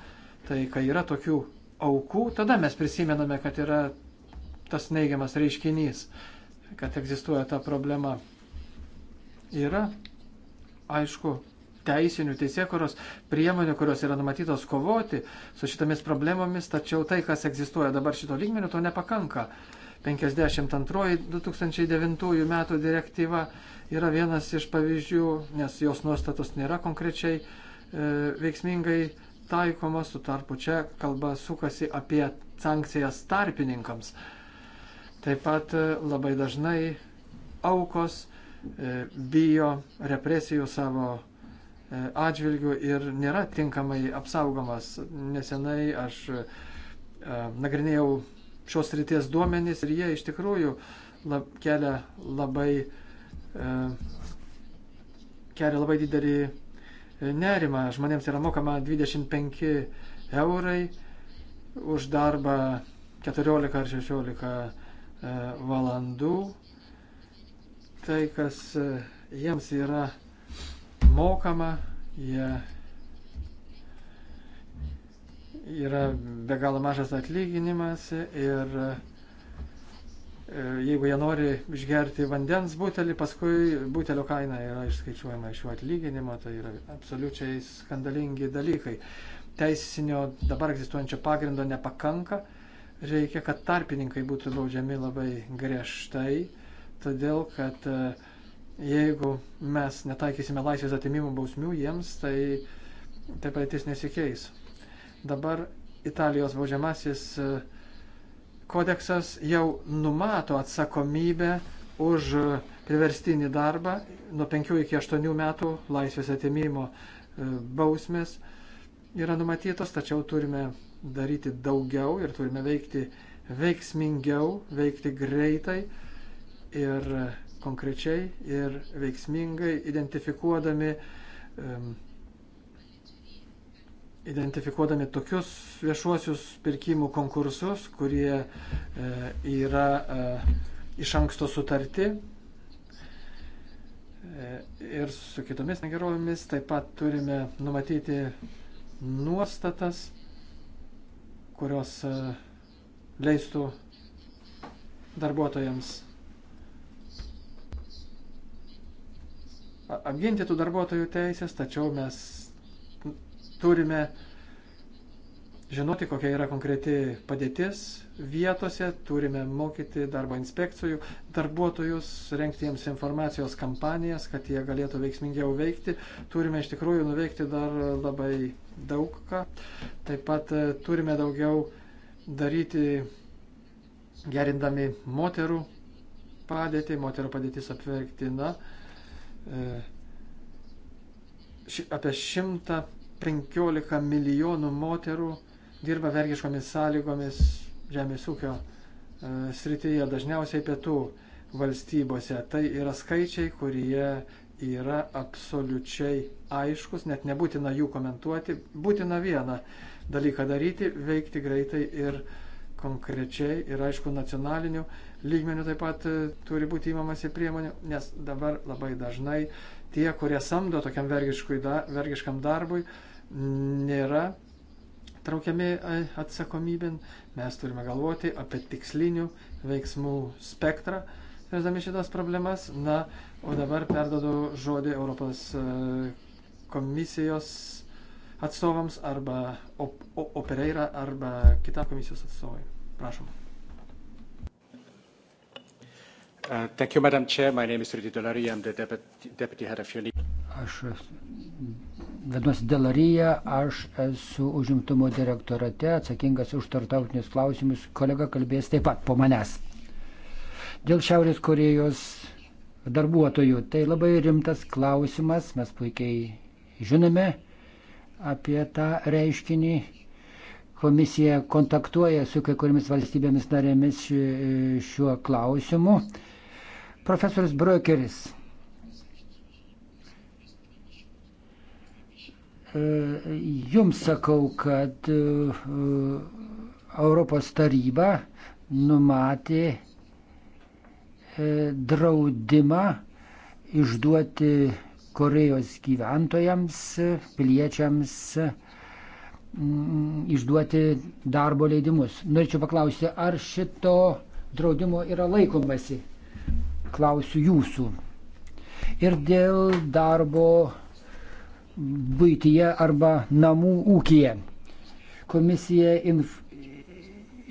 Tai kai yra tokių aukų, tada mes prisimename, kad yra tas neigiamas reiškinys, kad egzistuoja ta problema. Yra aišku, teisinių teisėkuros priemonių, kurios yra numatytos kovoti su šitomis problemomis, tačiau tai, kas egzistuoja dabar šito lygmenio, to nepakanka. 52-2009 metų direktyva yra vienas iš pavyzdžių, nes jos nuostatos nėra konkrečiai e, veiksmingai taikomos, su tarpu čia kalba sukasi apie sankcijas tarpininkams. Taip pat e, labai dažnai aukos E, bijo represijų savo e, atžvilgių ir nėra tinkamai apsaugomas. Nesenai aš e, nagrinėjau šios ryties duomenys ir jie iš tikrųjų lab, kelia labai kelia labai didelį nerimą. Žmonėms yra mokama 25 eurai už darbą 14 ar 16 valandų tai, kas e, jiems yra mokama, jie yra be galo mažas atlyginimas ir e, jeigu jie nori išgerti vandens butelį, paskui butelio kaina yra išskaičiuojama iš jų atlyginimo, tai yra absoliučiai skandalingi dalykai. Teisinio dabar egzistuojančio pagrindo nepakanka, reikia, kad tarpininkai būtų baudžiami labai griežtai todėl kad e, jeigu mes netaikysime laisvės atimimų bausmių jiems, tai taip patys nesikeis. Dabar Italijos baudžiamasis e, kodeksas jau numato atsakomybę už e, priverstinį darbą nuo 5 iki 8 metų laisvės atimimo bausmės yra numatytos, tačiau turime daryti daugiau ir turime veikti veiksmingiau, veikti greitai ir konkrečiai ir veiksmingai identifikuodami, um, identifikuodami tokius viešuosius pirkimų konkursus, kurie uh, yra uh, iš anksto sutarti. E, ir su kitomis negerovėmis taip pat turime numatyti nuostatas, kurios leistų darbuotojams apginti tų darbuotojų teisės, tačiau mes turime žinoti, kokia yra konkreti padėtis vietose, turime mokyti darbo inspekcijų darbuotojus, renkti jiems informacijos kampanijas, kad jie galėtų veiksmingiau veikti, turime iš tikrųjų nuveikti dar labai daug ką, taip pat e, turime daugiau daryti gerindami moterų padėtį, moterų padėtis apverktina. Na, E, ši, apie 115 milijonų moterų dirba vergiškomis sąlygomis žemės ūkio e, srityje, dažniausiai pietų valstybose. Tai yra skaičiai, kurie yra absoliučiai aiškus, net nebūtina jų komentuoti, būtina vieną dalyką daryti, veikti greitai ir konkrečiai ir aišku nacionaliniu lygmenių taip pat e, turi būti įmamasi priemonių, nes dabar labai dažnai tie, kurie samdo tokiam da, vergiškam darbui, nėra traukiami e, atsakomybėn. Mes turime galvoti apie tikslinių veiksmų spektrą, spręsdami šitas problemas. Na, o dabar perdodu žodį Europos e, komisijos atstovams arba op, op, opereira arba kitam komisijos atstovui. Prašom. Uh, thank you, Madam Chair. My name is Rudy Delary. I'm the deputy, deputy head of UNI. Aš vadinasi Delaryje, aš esu užimtumo direktorate atsakingas už tartautinius klausimus. Kolega kalbės taip pat po manęs. Dėl Šiaurės Korejos darbuotojų tai labai rimtas klausimas. Mes puikiai žinome apie tą reiškinį Komisija kontaktuoja su kai kuriamis valstybėmis narėmis šiuo klausimu. Profesorius Brokeris e, jums sakau, kad e, Europos taryba numatė e, draudimą išduoti Korejos gyventojams, piliečiams mm, išduoti darbo leidimus. Norėčiau paklausti, ar šito draudimo yra laikomasi? Klausiu jūsų. Ir dėl darbo būtyje arba namų ūkija. Komisija, inf,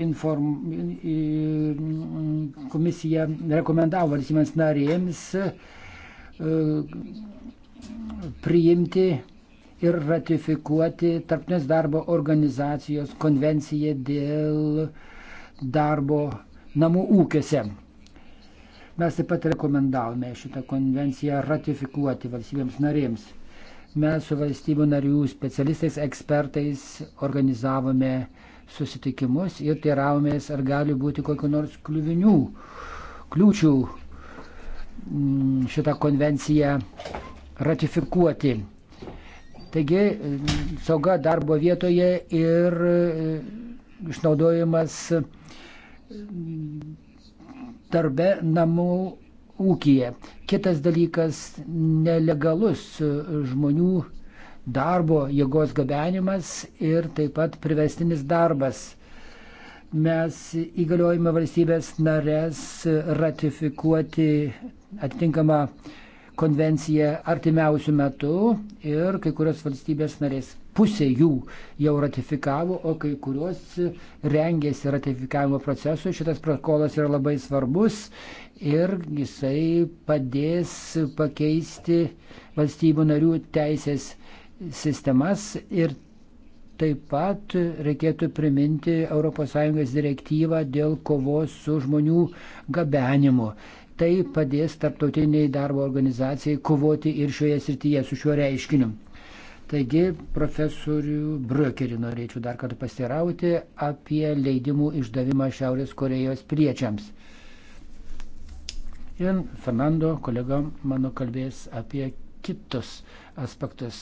inform, komisija rekomendavo valstybėms narėms e, priimti ir ratifikuoti Tarptautinės darbo organizacijos konvenciją dėl darbo namų ūkiuose. Mes taip pat rekomendavome šitą konvenciją ratifikuoti valstybėms narėms. Mes su valstybių narių specialistais, ekspertais organizavome susitikimus ir teiravomės, ar gali būti kokiu nors kliuvinių, kliūčių mm, šitą konvenciją ratifikuoti. Taigi sauga darbo vietoje ir e, išnaudojimas darbe namų ūkija. Kitas dalykas - nelegalus žmonių darbo jėgos gabenimas ir taip pat privestinis darbas. Mes įgaliojame valstybės narės ratifikuoti atitinkamą konvenciją artimiausių metų ir kai kurios valstybės narės pusė jų jau ratifikavo, o kai kurios rengėsi ratifikavimo procesui. Šitas protokolas yra labai svarbus ir jisai padės pakeisti valstybių narių teisės sistemas ir taip pat reikėtų priminti ES direktyvą dėl kovos su žmonių gabenimu. Tai padės tarptautiniai darbo organizacijai kovoti ir šioje srityje su šiuo reiškiniu. Taigi, profesorių Brökerį norėčiau dar kartą pasirauti apie leidimų išdavimą Šiaurės Korejos priečiams. Ir Fernando, kolega mano kalbės apie kitus aspektus.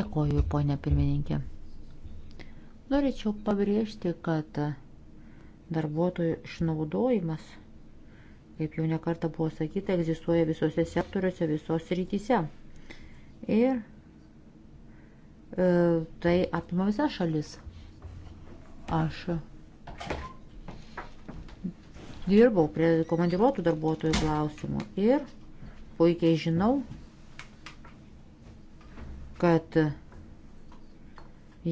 Dėkoju, ponia pirmininkė. Norėčiau pabrėžti, kad darbuotojų išnaudojimas, kaip jau nekarta buvo sakyta, egzistuoja visose sektoriuose, visos rytise. Ir e, tai apima visas šalis. Aš dirbau prie komandiruotų darbuotojų klausimų ir puikiai žinau, kad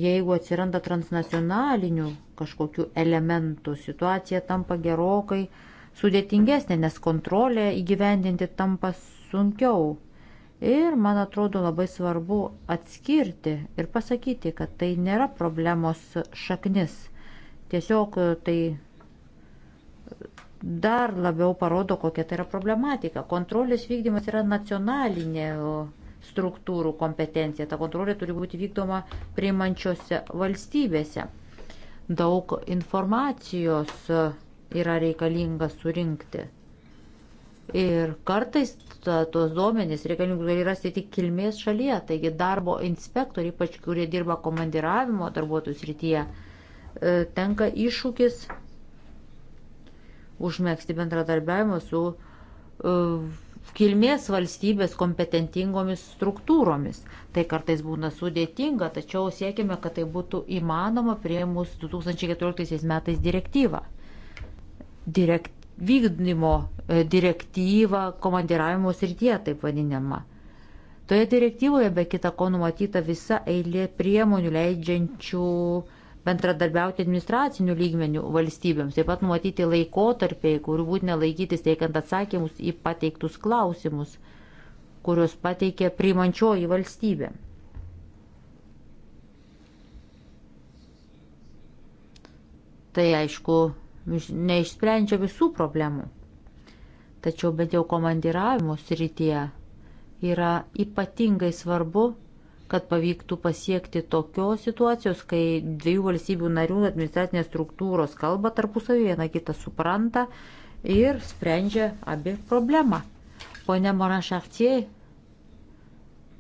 Jeigu atsiranda transnacionalinių kažkokių elementų, situacija tampa gerokai sudėtingesnė, nes kontrolę įgyvendinti tampa sunkiau. Ir man atrodo labai svarbu atskirti ir pasakyti, kad tai nėra problemos šaknis. Tiesiog tai dar labiau parodo, kokia tai yra problematika. Kontrolės vykdymas yra nacionalinė struktūrų kompetencija. Ta kontrolė turi būti vykdoma priimančiose valstybėse. Daug informacijos e, yra reikalinga surinkti. Ir kartais ta, tos duomenys reikalingus gali rasti tik kilmės šalyje. Taigi darbo inspektoriai, ypač kurie dirba komandiravimo darbuotojų srityje, e, tenka iššūkis užmėgsti bendradarbiavimą su e, kilmės valstybės kompetentingomis struktūromis. Tai kartais būna sudėtinga, tačiau siekime, kad tai būtų įmanoma prieimus 2014 metais direktyvą. Direkt, vykdymo e, direktyvą komandiravimo srityje, taip vadinama. Toje direktyvoje be kita ko numatyta visa eilė priemonių leidžiančių uh, bendradarbiauti administracinių lygmenių valstybėms, taip pat numatyti laikotarpiai, kurių būtina laikytis teikiant atsakymus į pateiktus klausimus, kuriuos pateikė priimančioji valstybė. Tai aišku, neišsprendžia visų problemų, tačiau bent jau komandiravimo srityje yra ypatingai svarbu kad pavyktų pasiekti tokios situacijos, kai dviejų valstybių narių administracinės struktūros kalba tarpusavį, viena kitą supranta ir sprendžia abi problemą. Pone Morašachtie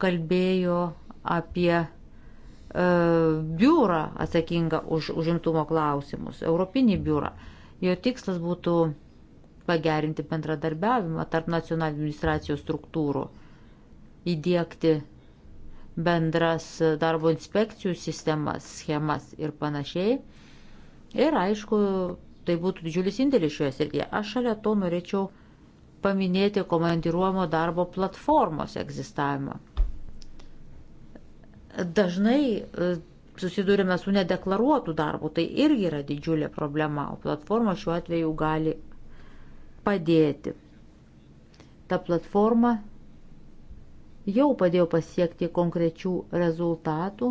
kalbėjo apie e, biurą atsakingą už užimtumo klausimus, Europinį biurą. Jo tikslas būtų pagerinti bendradarbiavimą tarp nacionalinių administracijos struktūrų, įdėkti bendras darbo inspekcijų sistemas, schemas ir panašiai. Ir aišku, tai būtų didžiulis indėlis šioje srityje. Aš šalia to norėčiau paminėti komandiruojamo darbo platformos egzistavimą. Dažnai e, susidurime su nedeklaruotų darbų, tai irgi yra didžiulė problema, o platforma šiuo atveju gali padėti. Ta platforma jau padėjo pasiekti konkrečių rezultatų,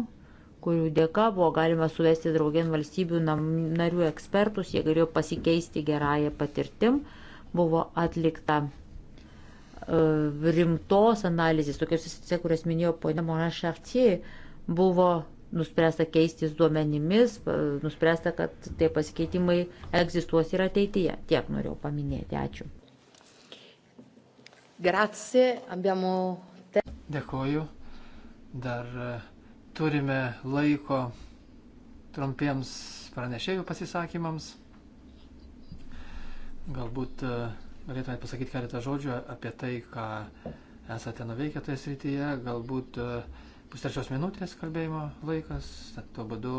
kurių dėka buvo galima suvesti draugien valstybių narių ekspertus, jie galėjo pasikeisti gerąją patirtim, buvo atlikta e, rimtos analizės, tokios įsitikė, kurias minėjo ponia Mona Šartie, buvo nuspręsta keistis duomenimis, nuspręsta, kad tie pasikeitimai egzistuos ir ateityje. Tiek norėjau paminėti. Ačiū. Grazie, abbiamo Dėkoju. Dar e, turime laiko trumpiems pranešėjų pasisakymams. Galbūt e, galėtumėt pasakyti keletą žodžių apie tai, ką esate nuveikę toje srityje. Galbūt e, pustrečios minutės kalbėjimo laikas. Tad tuo būdu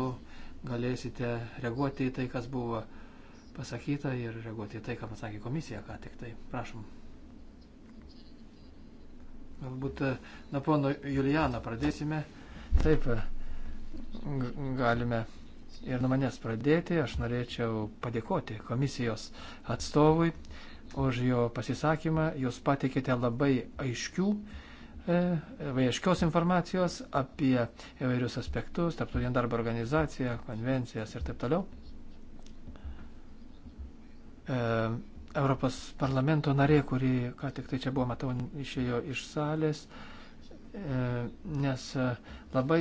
galėsite reaguoti į tai, kas buvo pasakyta ir reaguoti į tai, ką pasakė komisija ką tik tai. Prašom. Galbūt e, nuo pono Juliano pradėsime. Taip, e, galime ir nuo manęs pradėti. Aš norėčiau padėkoti komisijos atstovui už jo pasisakymą. Jūs pateikėte labai aiškių, e, aiškios informacijos apie įvairius aspektus, tarptautinę darbo organizaciją, konvencijas ir taip toliau. E, Europos parlamento narė, kuri, ką tik tai čia buvo, matau, išėjo iš salės, e, nes e, labai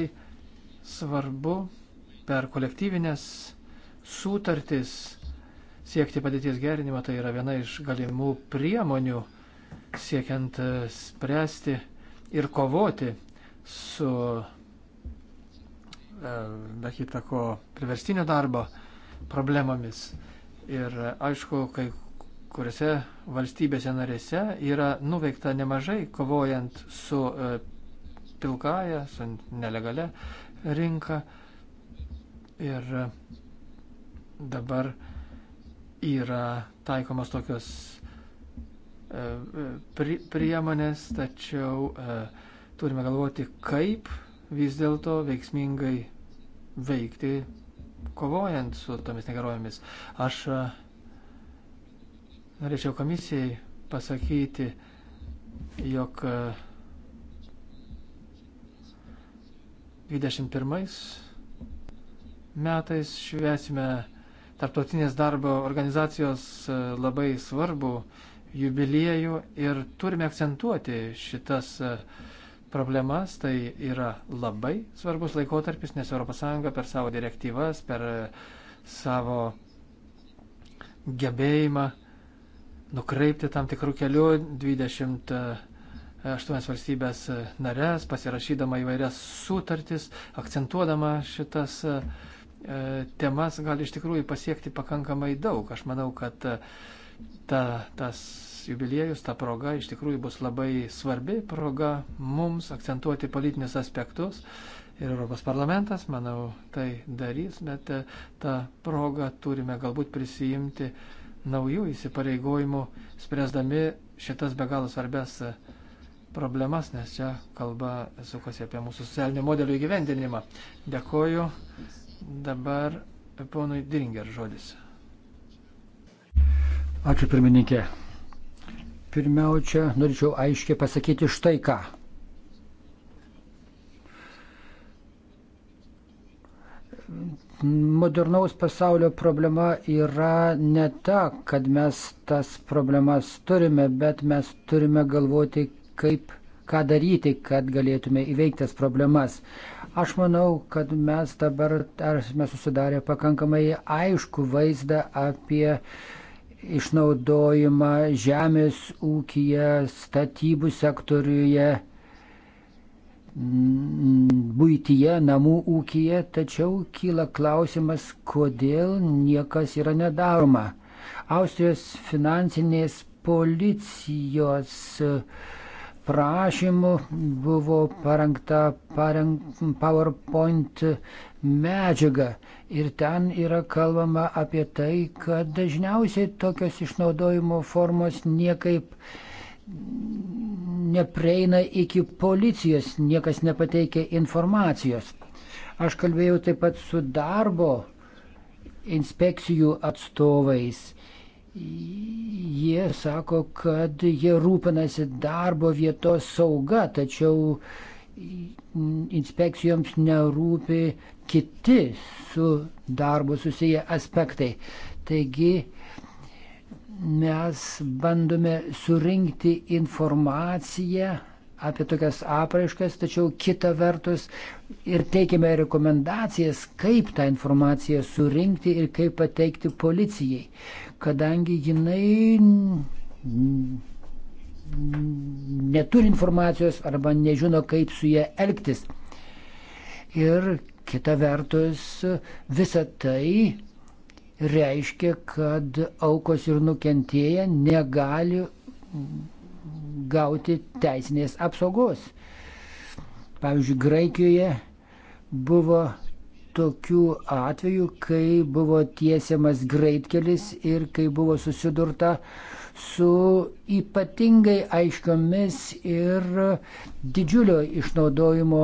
svarbu per kolektyvinės sutartis siekti padėties gerinimo, tai yra viena iš galimų priemonių siekiant e, spręsti ir kovoti su be kitako priverstinio darbo problemomis. Ir aišku, kai kuriuose valstybėse narėse yra nuveikta nemažai kovojant su e, pilkaja, su nelegale rinka. Ir e, dabar yra taikomos tokios e, priemonės, tačiau turime galvoti, kaip vis dėlto veiksmingai veikti, kovojant su tomis negerovėmis. Aš Norėčiau komisijai pasakyti, jog 21 e, metais švesime Tarptautinės darbo organizacijos e, labai svarbu jubiliejų ir turime akcentuoti šitas e, problemas. Tai yra labai svarbus laikotarpis, nes ES per savo direktyvas, per savo gebėjimą nukreipti tam tikrų kelių 28 valstybės narės, pasirašydama įvairias sutartis, akcentuodama šitas e, temas, gali iš tikrųjų pasiekti pakankamai daug. Aš manau, kad e, ta, tas jubiliejus, ta proga iš tikrųjų bus labai svarbi proga mums akcentuoti politinius aspektus. Ir Europos parlamentas, manau, tai darys, bet e, tą progą turime galbūt prisijimti uh, naujų įsipareigojimų, spręsdami šitas be galo svarbes e, problemas, nes čia kalba sukasi apie mūsų socialinio modelio įgyvendinimą. Dėkoju. Dabar ponui Diringer žodis. Ačiū pirmininkė. Pirmiausia, norėčiau aiškiai pasakyti štai ką modernaus pasaulio problema yra ne ta, kad mes tas problemas turime, bet mes turime galvoti, kaip, ką daryti, kad galėtume įveikti tas problemas. Aš manau, kad mes dabar esame susidarę pakankamai aišku vaizdą apie išnaudojimą žemės ūkija, statybų sektoriuje būtyje, namų ūkyje, tačiau kyla klausimas, kodėl niekas yra nedaroma. Austrijos finansinės policijos e, prašymu buvo parengta pareng, PowerPoint medžiaga ir ten yra kalbama apie tai, kad dažniausiai tokios išnaudojimo formos niekaip uh, neprieina iki policijos, niekas nepateikia informacijos. Aš kalbėjau taip pat su darbo inspekcijų atstovais. Jie sako, kad jie rūpinasi darbo vietos sauga, tačiau inspekcijoms nerūpi kiti su darbu susiję aspektai. Taigi mes bandome surinkti informaciją apie tokias apraiškas, tačiau kita vertus ir teikiame rekomendacijas, kaip tą informaciją surinkti ir kaip pateikti policijai, kadangi jinai neturi informacijos arba nežino, kaip su jie elgtis. Ir kita vertus, visa tai reiškia, kad aukos ir nukentėję negali gauti teisinės apsaugos. Pavyzdžiui, Graikijoje buvo tokių atvejų, kai buvo tiesiamas greitkelis ir kai buvo susidurta su ypatingai aiškiomis ir didžiulio išnaudojimo,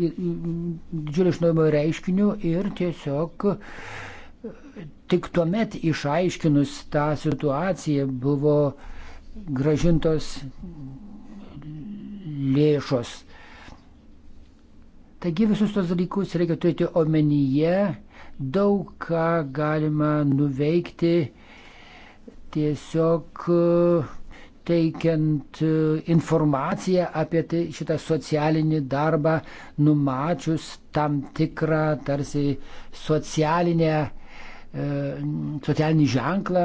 didžiulio išnaudojimo reiškiniu ir tiesiog uh, tik tuomet išaiškinus tą situaciją buvo gražintos lėšos. Taigi visus tos dalykus reikia turėti omenyje, daug ką galima nuveikti tiesiog e, teikiant e, informaciją apie tai, šitą socialinį darbą, numačius tam tikrą tarsi socialinę E, socialinį ženklą,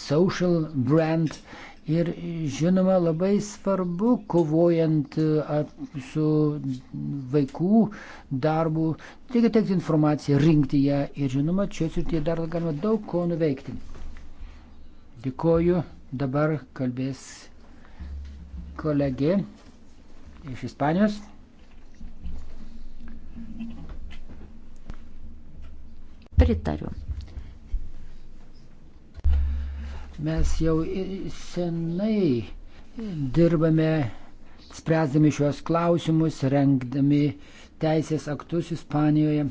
social brand. Ir žinoma, labai svarbu, kovojant e, su vaikų darbu, reikia teikti informaciją, rinkti ją. Ir žinoma, čia ir tie dar galima daug ko nuveikti. Dėkoju. Dabar kalbės kolegė iš Ispanijos. Pritariu. Mes jau senai dirbame, spręsdami šios klausimus, rengdami teisės aktus Ispanijoje.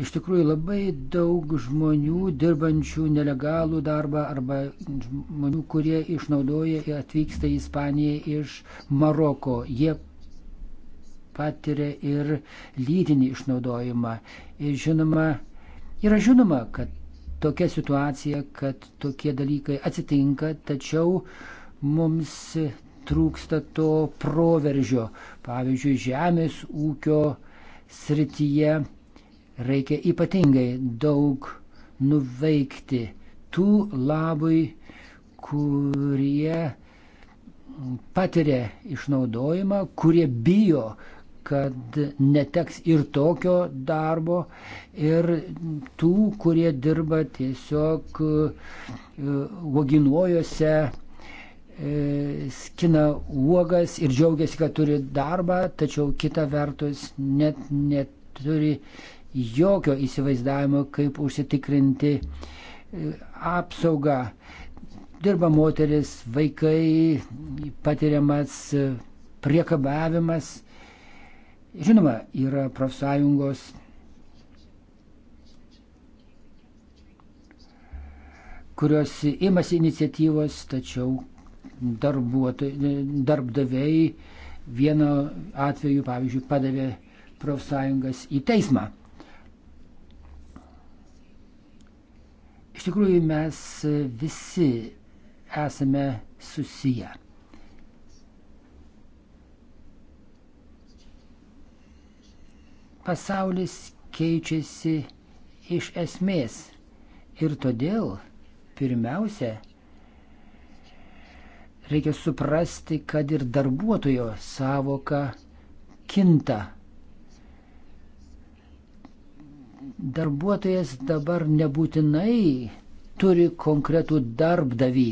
Iš tikrųjų labai daug žmonių dirbančių nelegalų darbą arba žmonių, kurie išnaudoja ir atvyksta į Ispaniją iš Maroko. Jie patiria ir lytinį išnaudojimą. Ir žinoma, yra žinoma, kad tokia situacija, kad tokie dalykai atsitinka, tačiau mums trūksta to proveržio. Pavyzdžiui, žemės ūkio srityje reikia ypatingai daug nuveikti tų labui, kurie patiria išnaudojimą, kurie bijo, kad neteks ir tokio darbo, ir tų, kurie dirba tiesiog e, uoginuojose, e, skina uogas ir džiaugiasi, kad turi darbą, tačiau kita vertus net neturi jokio įsivaizdavimo, kaip užsitikrinti e, apsaugą. Dirba moteris, vaikai, patiriamas priekabavimas Žinoma, yra profsąjungos kurios imasi iniciatyvos, tačiau darbdaviai vieno atveju, pavyzdžiui, padavė profsąjungas į teismą. Iš tikrųjų, mes visi esame susiję. Pasaulis keičiasi iš esmės ir todėl pirmiausia reikia suprasti, kad ir darbuotojo savoka kinta. Darbuotojas dabar nebūtinai turi konkretų darbdavį.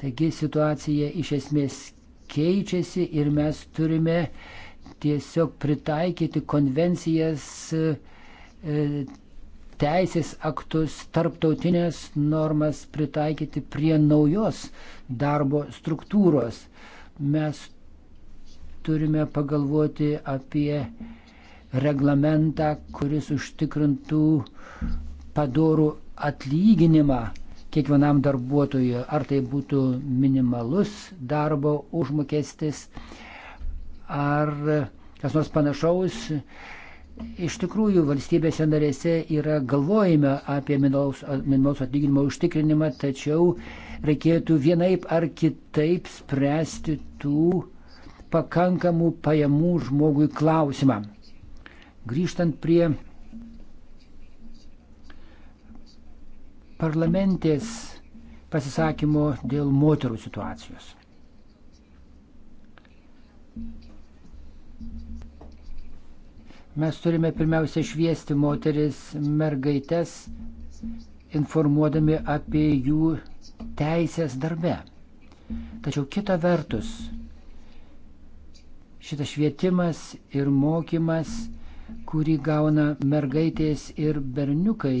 Taigi situacija iš esmės keičiasi ir mes turime uh, tiesiog pritaikyti konvencijas, e, e, teisės aktus, tarptautinės normas pritaikyti prie naujos darbo struktūros. Mes turime pagalvoti apie reglamentą, kuris užtikrintų padorų atlyginimą kiekvienam darbuotojui, ar tai būtų minimalus darbo užmokestis, ar kas nors panašaus. Iš tikrųjų, valstybėse narėse yra galvojame apie minimalus atlyginimo užtikrinimą, tačiau reikėtų vienaip ar kitaip spręsti tų pakankamų pajamų žmogui klausimą. Grįžtant prie parlamentės pasisakymo dėl moterų situacijos. Mes turime pirmiausia šviesti moteris, mergaitės, informuodami apie jų teisės darbe. Tačiau kita vertus, šitas švietimas ir mokymas, kurį gauna mergaitės ir berniukai,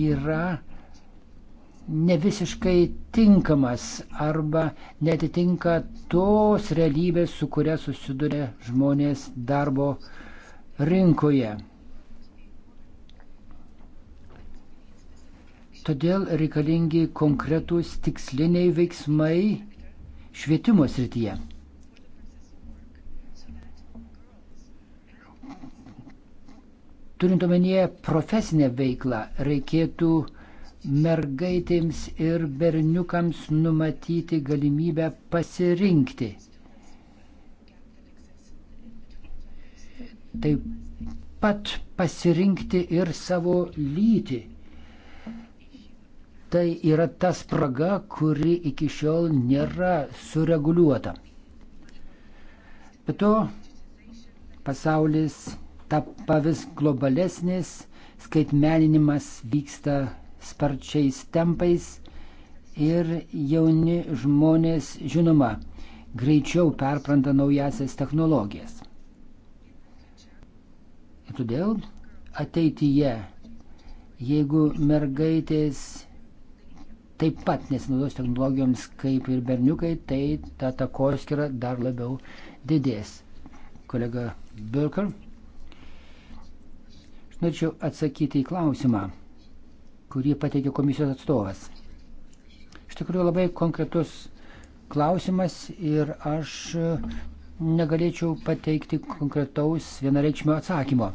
yra ne visiškai tinkamas arba netitinka tos realybės, su kuria susiduria žmonės darbo rinkoje. Todėl reikalingi konkretūs tiksliniai veiksmai švietimo srityje. Turint omenyje profesinę veiklą, reikėtų mergaitėms ir berniukams numatyti galimybę pasirinkti taip pat pasirinkti ir savo lytį. Tai yra ta spraga, kuri iki šiol nėra sureguliuota. Be to, pasaulis tampa vis globalesnis, skaitmeninimas vyksta sparčiais tempais ir jauni žmonės, žinoma, greičiau perpranta naujasias technologijas. Todėl ateityje, jeigu mergaitės taip pat nesinaudos technologijoms kaip ir berniukai, tai ta takoskira dar labiau didės. Kolega Birker. Aš norėčiau atsakyti į klausimą, kurį pateikė komisijos atstovas. Iš tikrųjų labai konkretus klausimas ir aš negalėčiau pateikti konkretaus vienareikšmio atsakymo.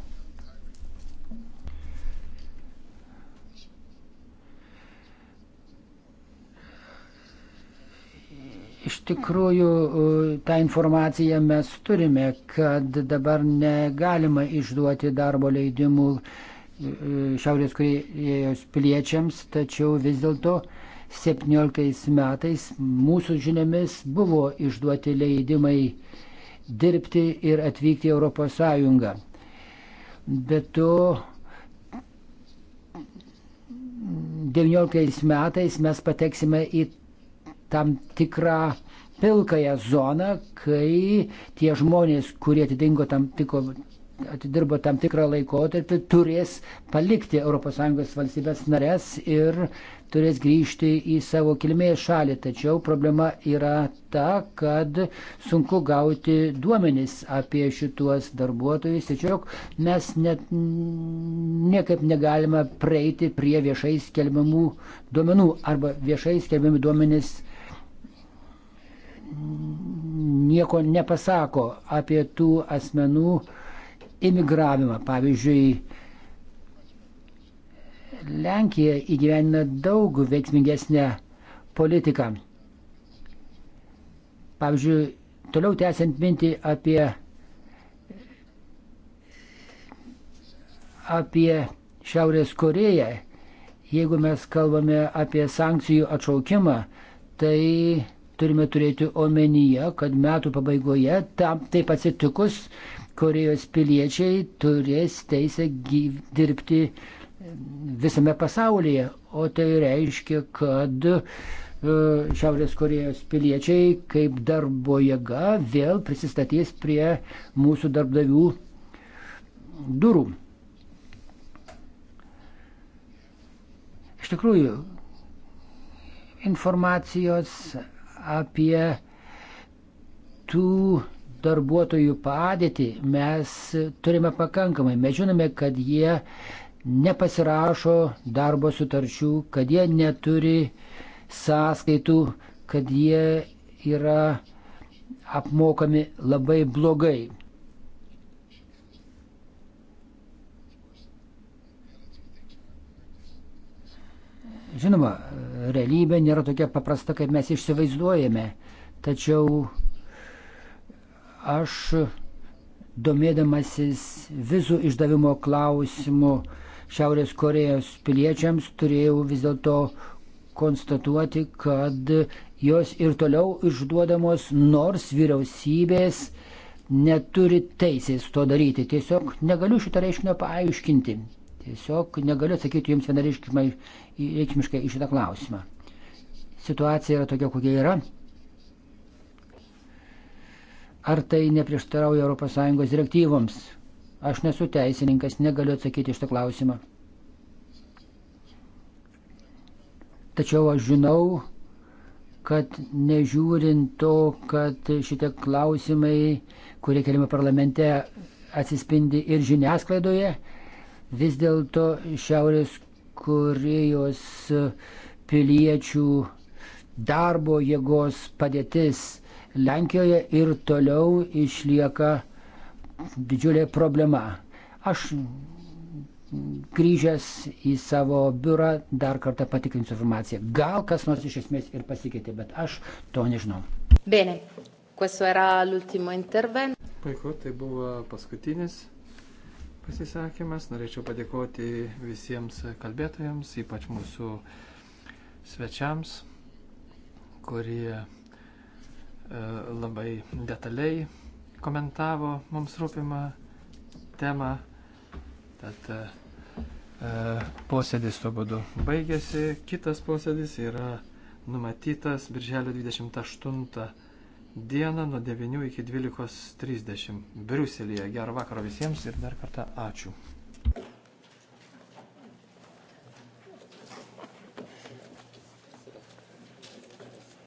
Iš tikrųjų, tą informaciją mes turime, kad dabar negalima išduoti darbo leidimų Šiaurės Korejos piliečiams, tačiau vis dėlto 17 metais mūsų žiniomis buvo išduoti leidimai dirbti ir atvykti į Europos Sąjungą. Bet to 19 metais mes pateksime į tam tikrą pilkąją zoną, kai tie žmonės, kurie atidingo tam tiko, atidirbo tam tikrą laikotarpį, turės palikti ES valstybės narės ir turės grįžti į savo kilmės šalį. Tačiau problema yra ta, kad sunku gauti duomenys apie šituos darbuotojus. Tačiau mes net niekaip negalime prieiti prie viešai skelbiamų duomenų arba viešai skelbiami duomenys nieko nepasako apie tų asmenų imigravimą. Pavyzdžiui, Lenkija įgyvenina daug veiksmingesnę politiką. Pavyzdžiui, toliau tęsiant mintį apie, apie Šiaurės Koreją, jeigu mes kalbame apie sankcijų atšaukimą, tai turime turėti omenyje, kad metų pabaigoje tam taip atsitikus Korejos piliečiai turės teisę gyv, dirbti visame pasaulyje. O tai reiškia, kad e, Šiaurės Korejos piliečiai kaip darbo jėga vėl prisistatys prie mūsų darbdavių durų. Iš tikrųjų, informacijos apie tų darbuotojų padėtį mes turime pakankamai. Mes žinome, kad jie nepasirašo darbo sutarčių, kad jie neturi sąskaitų, kad jie yra apmokami labai blogai. Žinoma, realybė nėra tokia paprasta, kaip mes įsivaizduojame, tačiau aš domėdamasis vizų išdavimo klausimu Šiaurės Korejos piliečiams turėjau vis dėlto konstatuoti, kad jos ir toliau išduodamos, nors vyriausybės neturi teisės to daryti. Tiesiog negaliu šito reiškinio paaiškinti. Tiesiog negaliu atsakyti jums vienareiškiškai reikšmiškai į šitą klausimą. Situacija yra tokia, kokia yra. Ar tai neprieštarauja ES direktyvoms? Aš nesu teisininkas, negaliu atsakyti šitą klausimą. Tačiau aš žinau, kad nežiūrint to, kad šitie klausimai, kurie keliami parlamente, atsispindi ir žiniasklaidoje, vis dėlto Šiaurės Korejos piliečių darbo jėgos padėtis Lenkijoje ir toliau išlieka didžiulė problema. Aš grįžęs į savo biurą dar kartą patikrinsiu informaciją. Gal kas nors iš esmės ir pasikeitė, bet aš to nežinau. Bene, questo era l'ultimo intervento. Puiku, tai buvo paskutinis pasisakymas. Norėčiau padėkoti visiems kalbėtojams, ypač mūsų svečiams, kurie e, labai detaliai komentavo mums rūpimą temą. Tad e, e, posėdis tuo būdu baigėsi. Kitas posėdis yra numatytas birželio 28 dieną nuo 9 iki 12.30 Briuselėje. Gerą vakarą visiems ir dar kartą ačiū.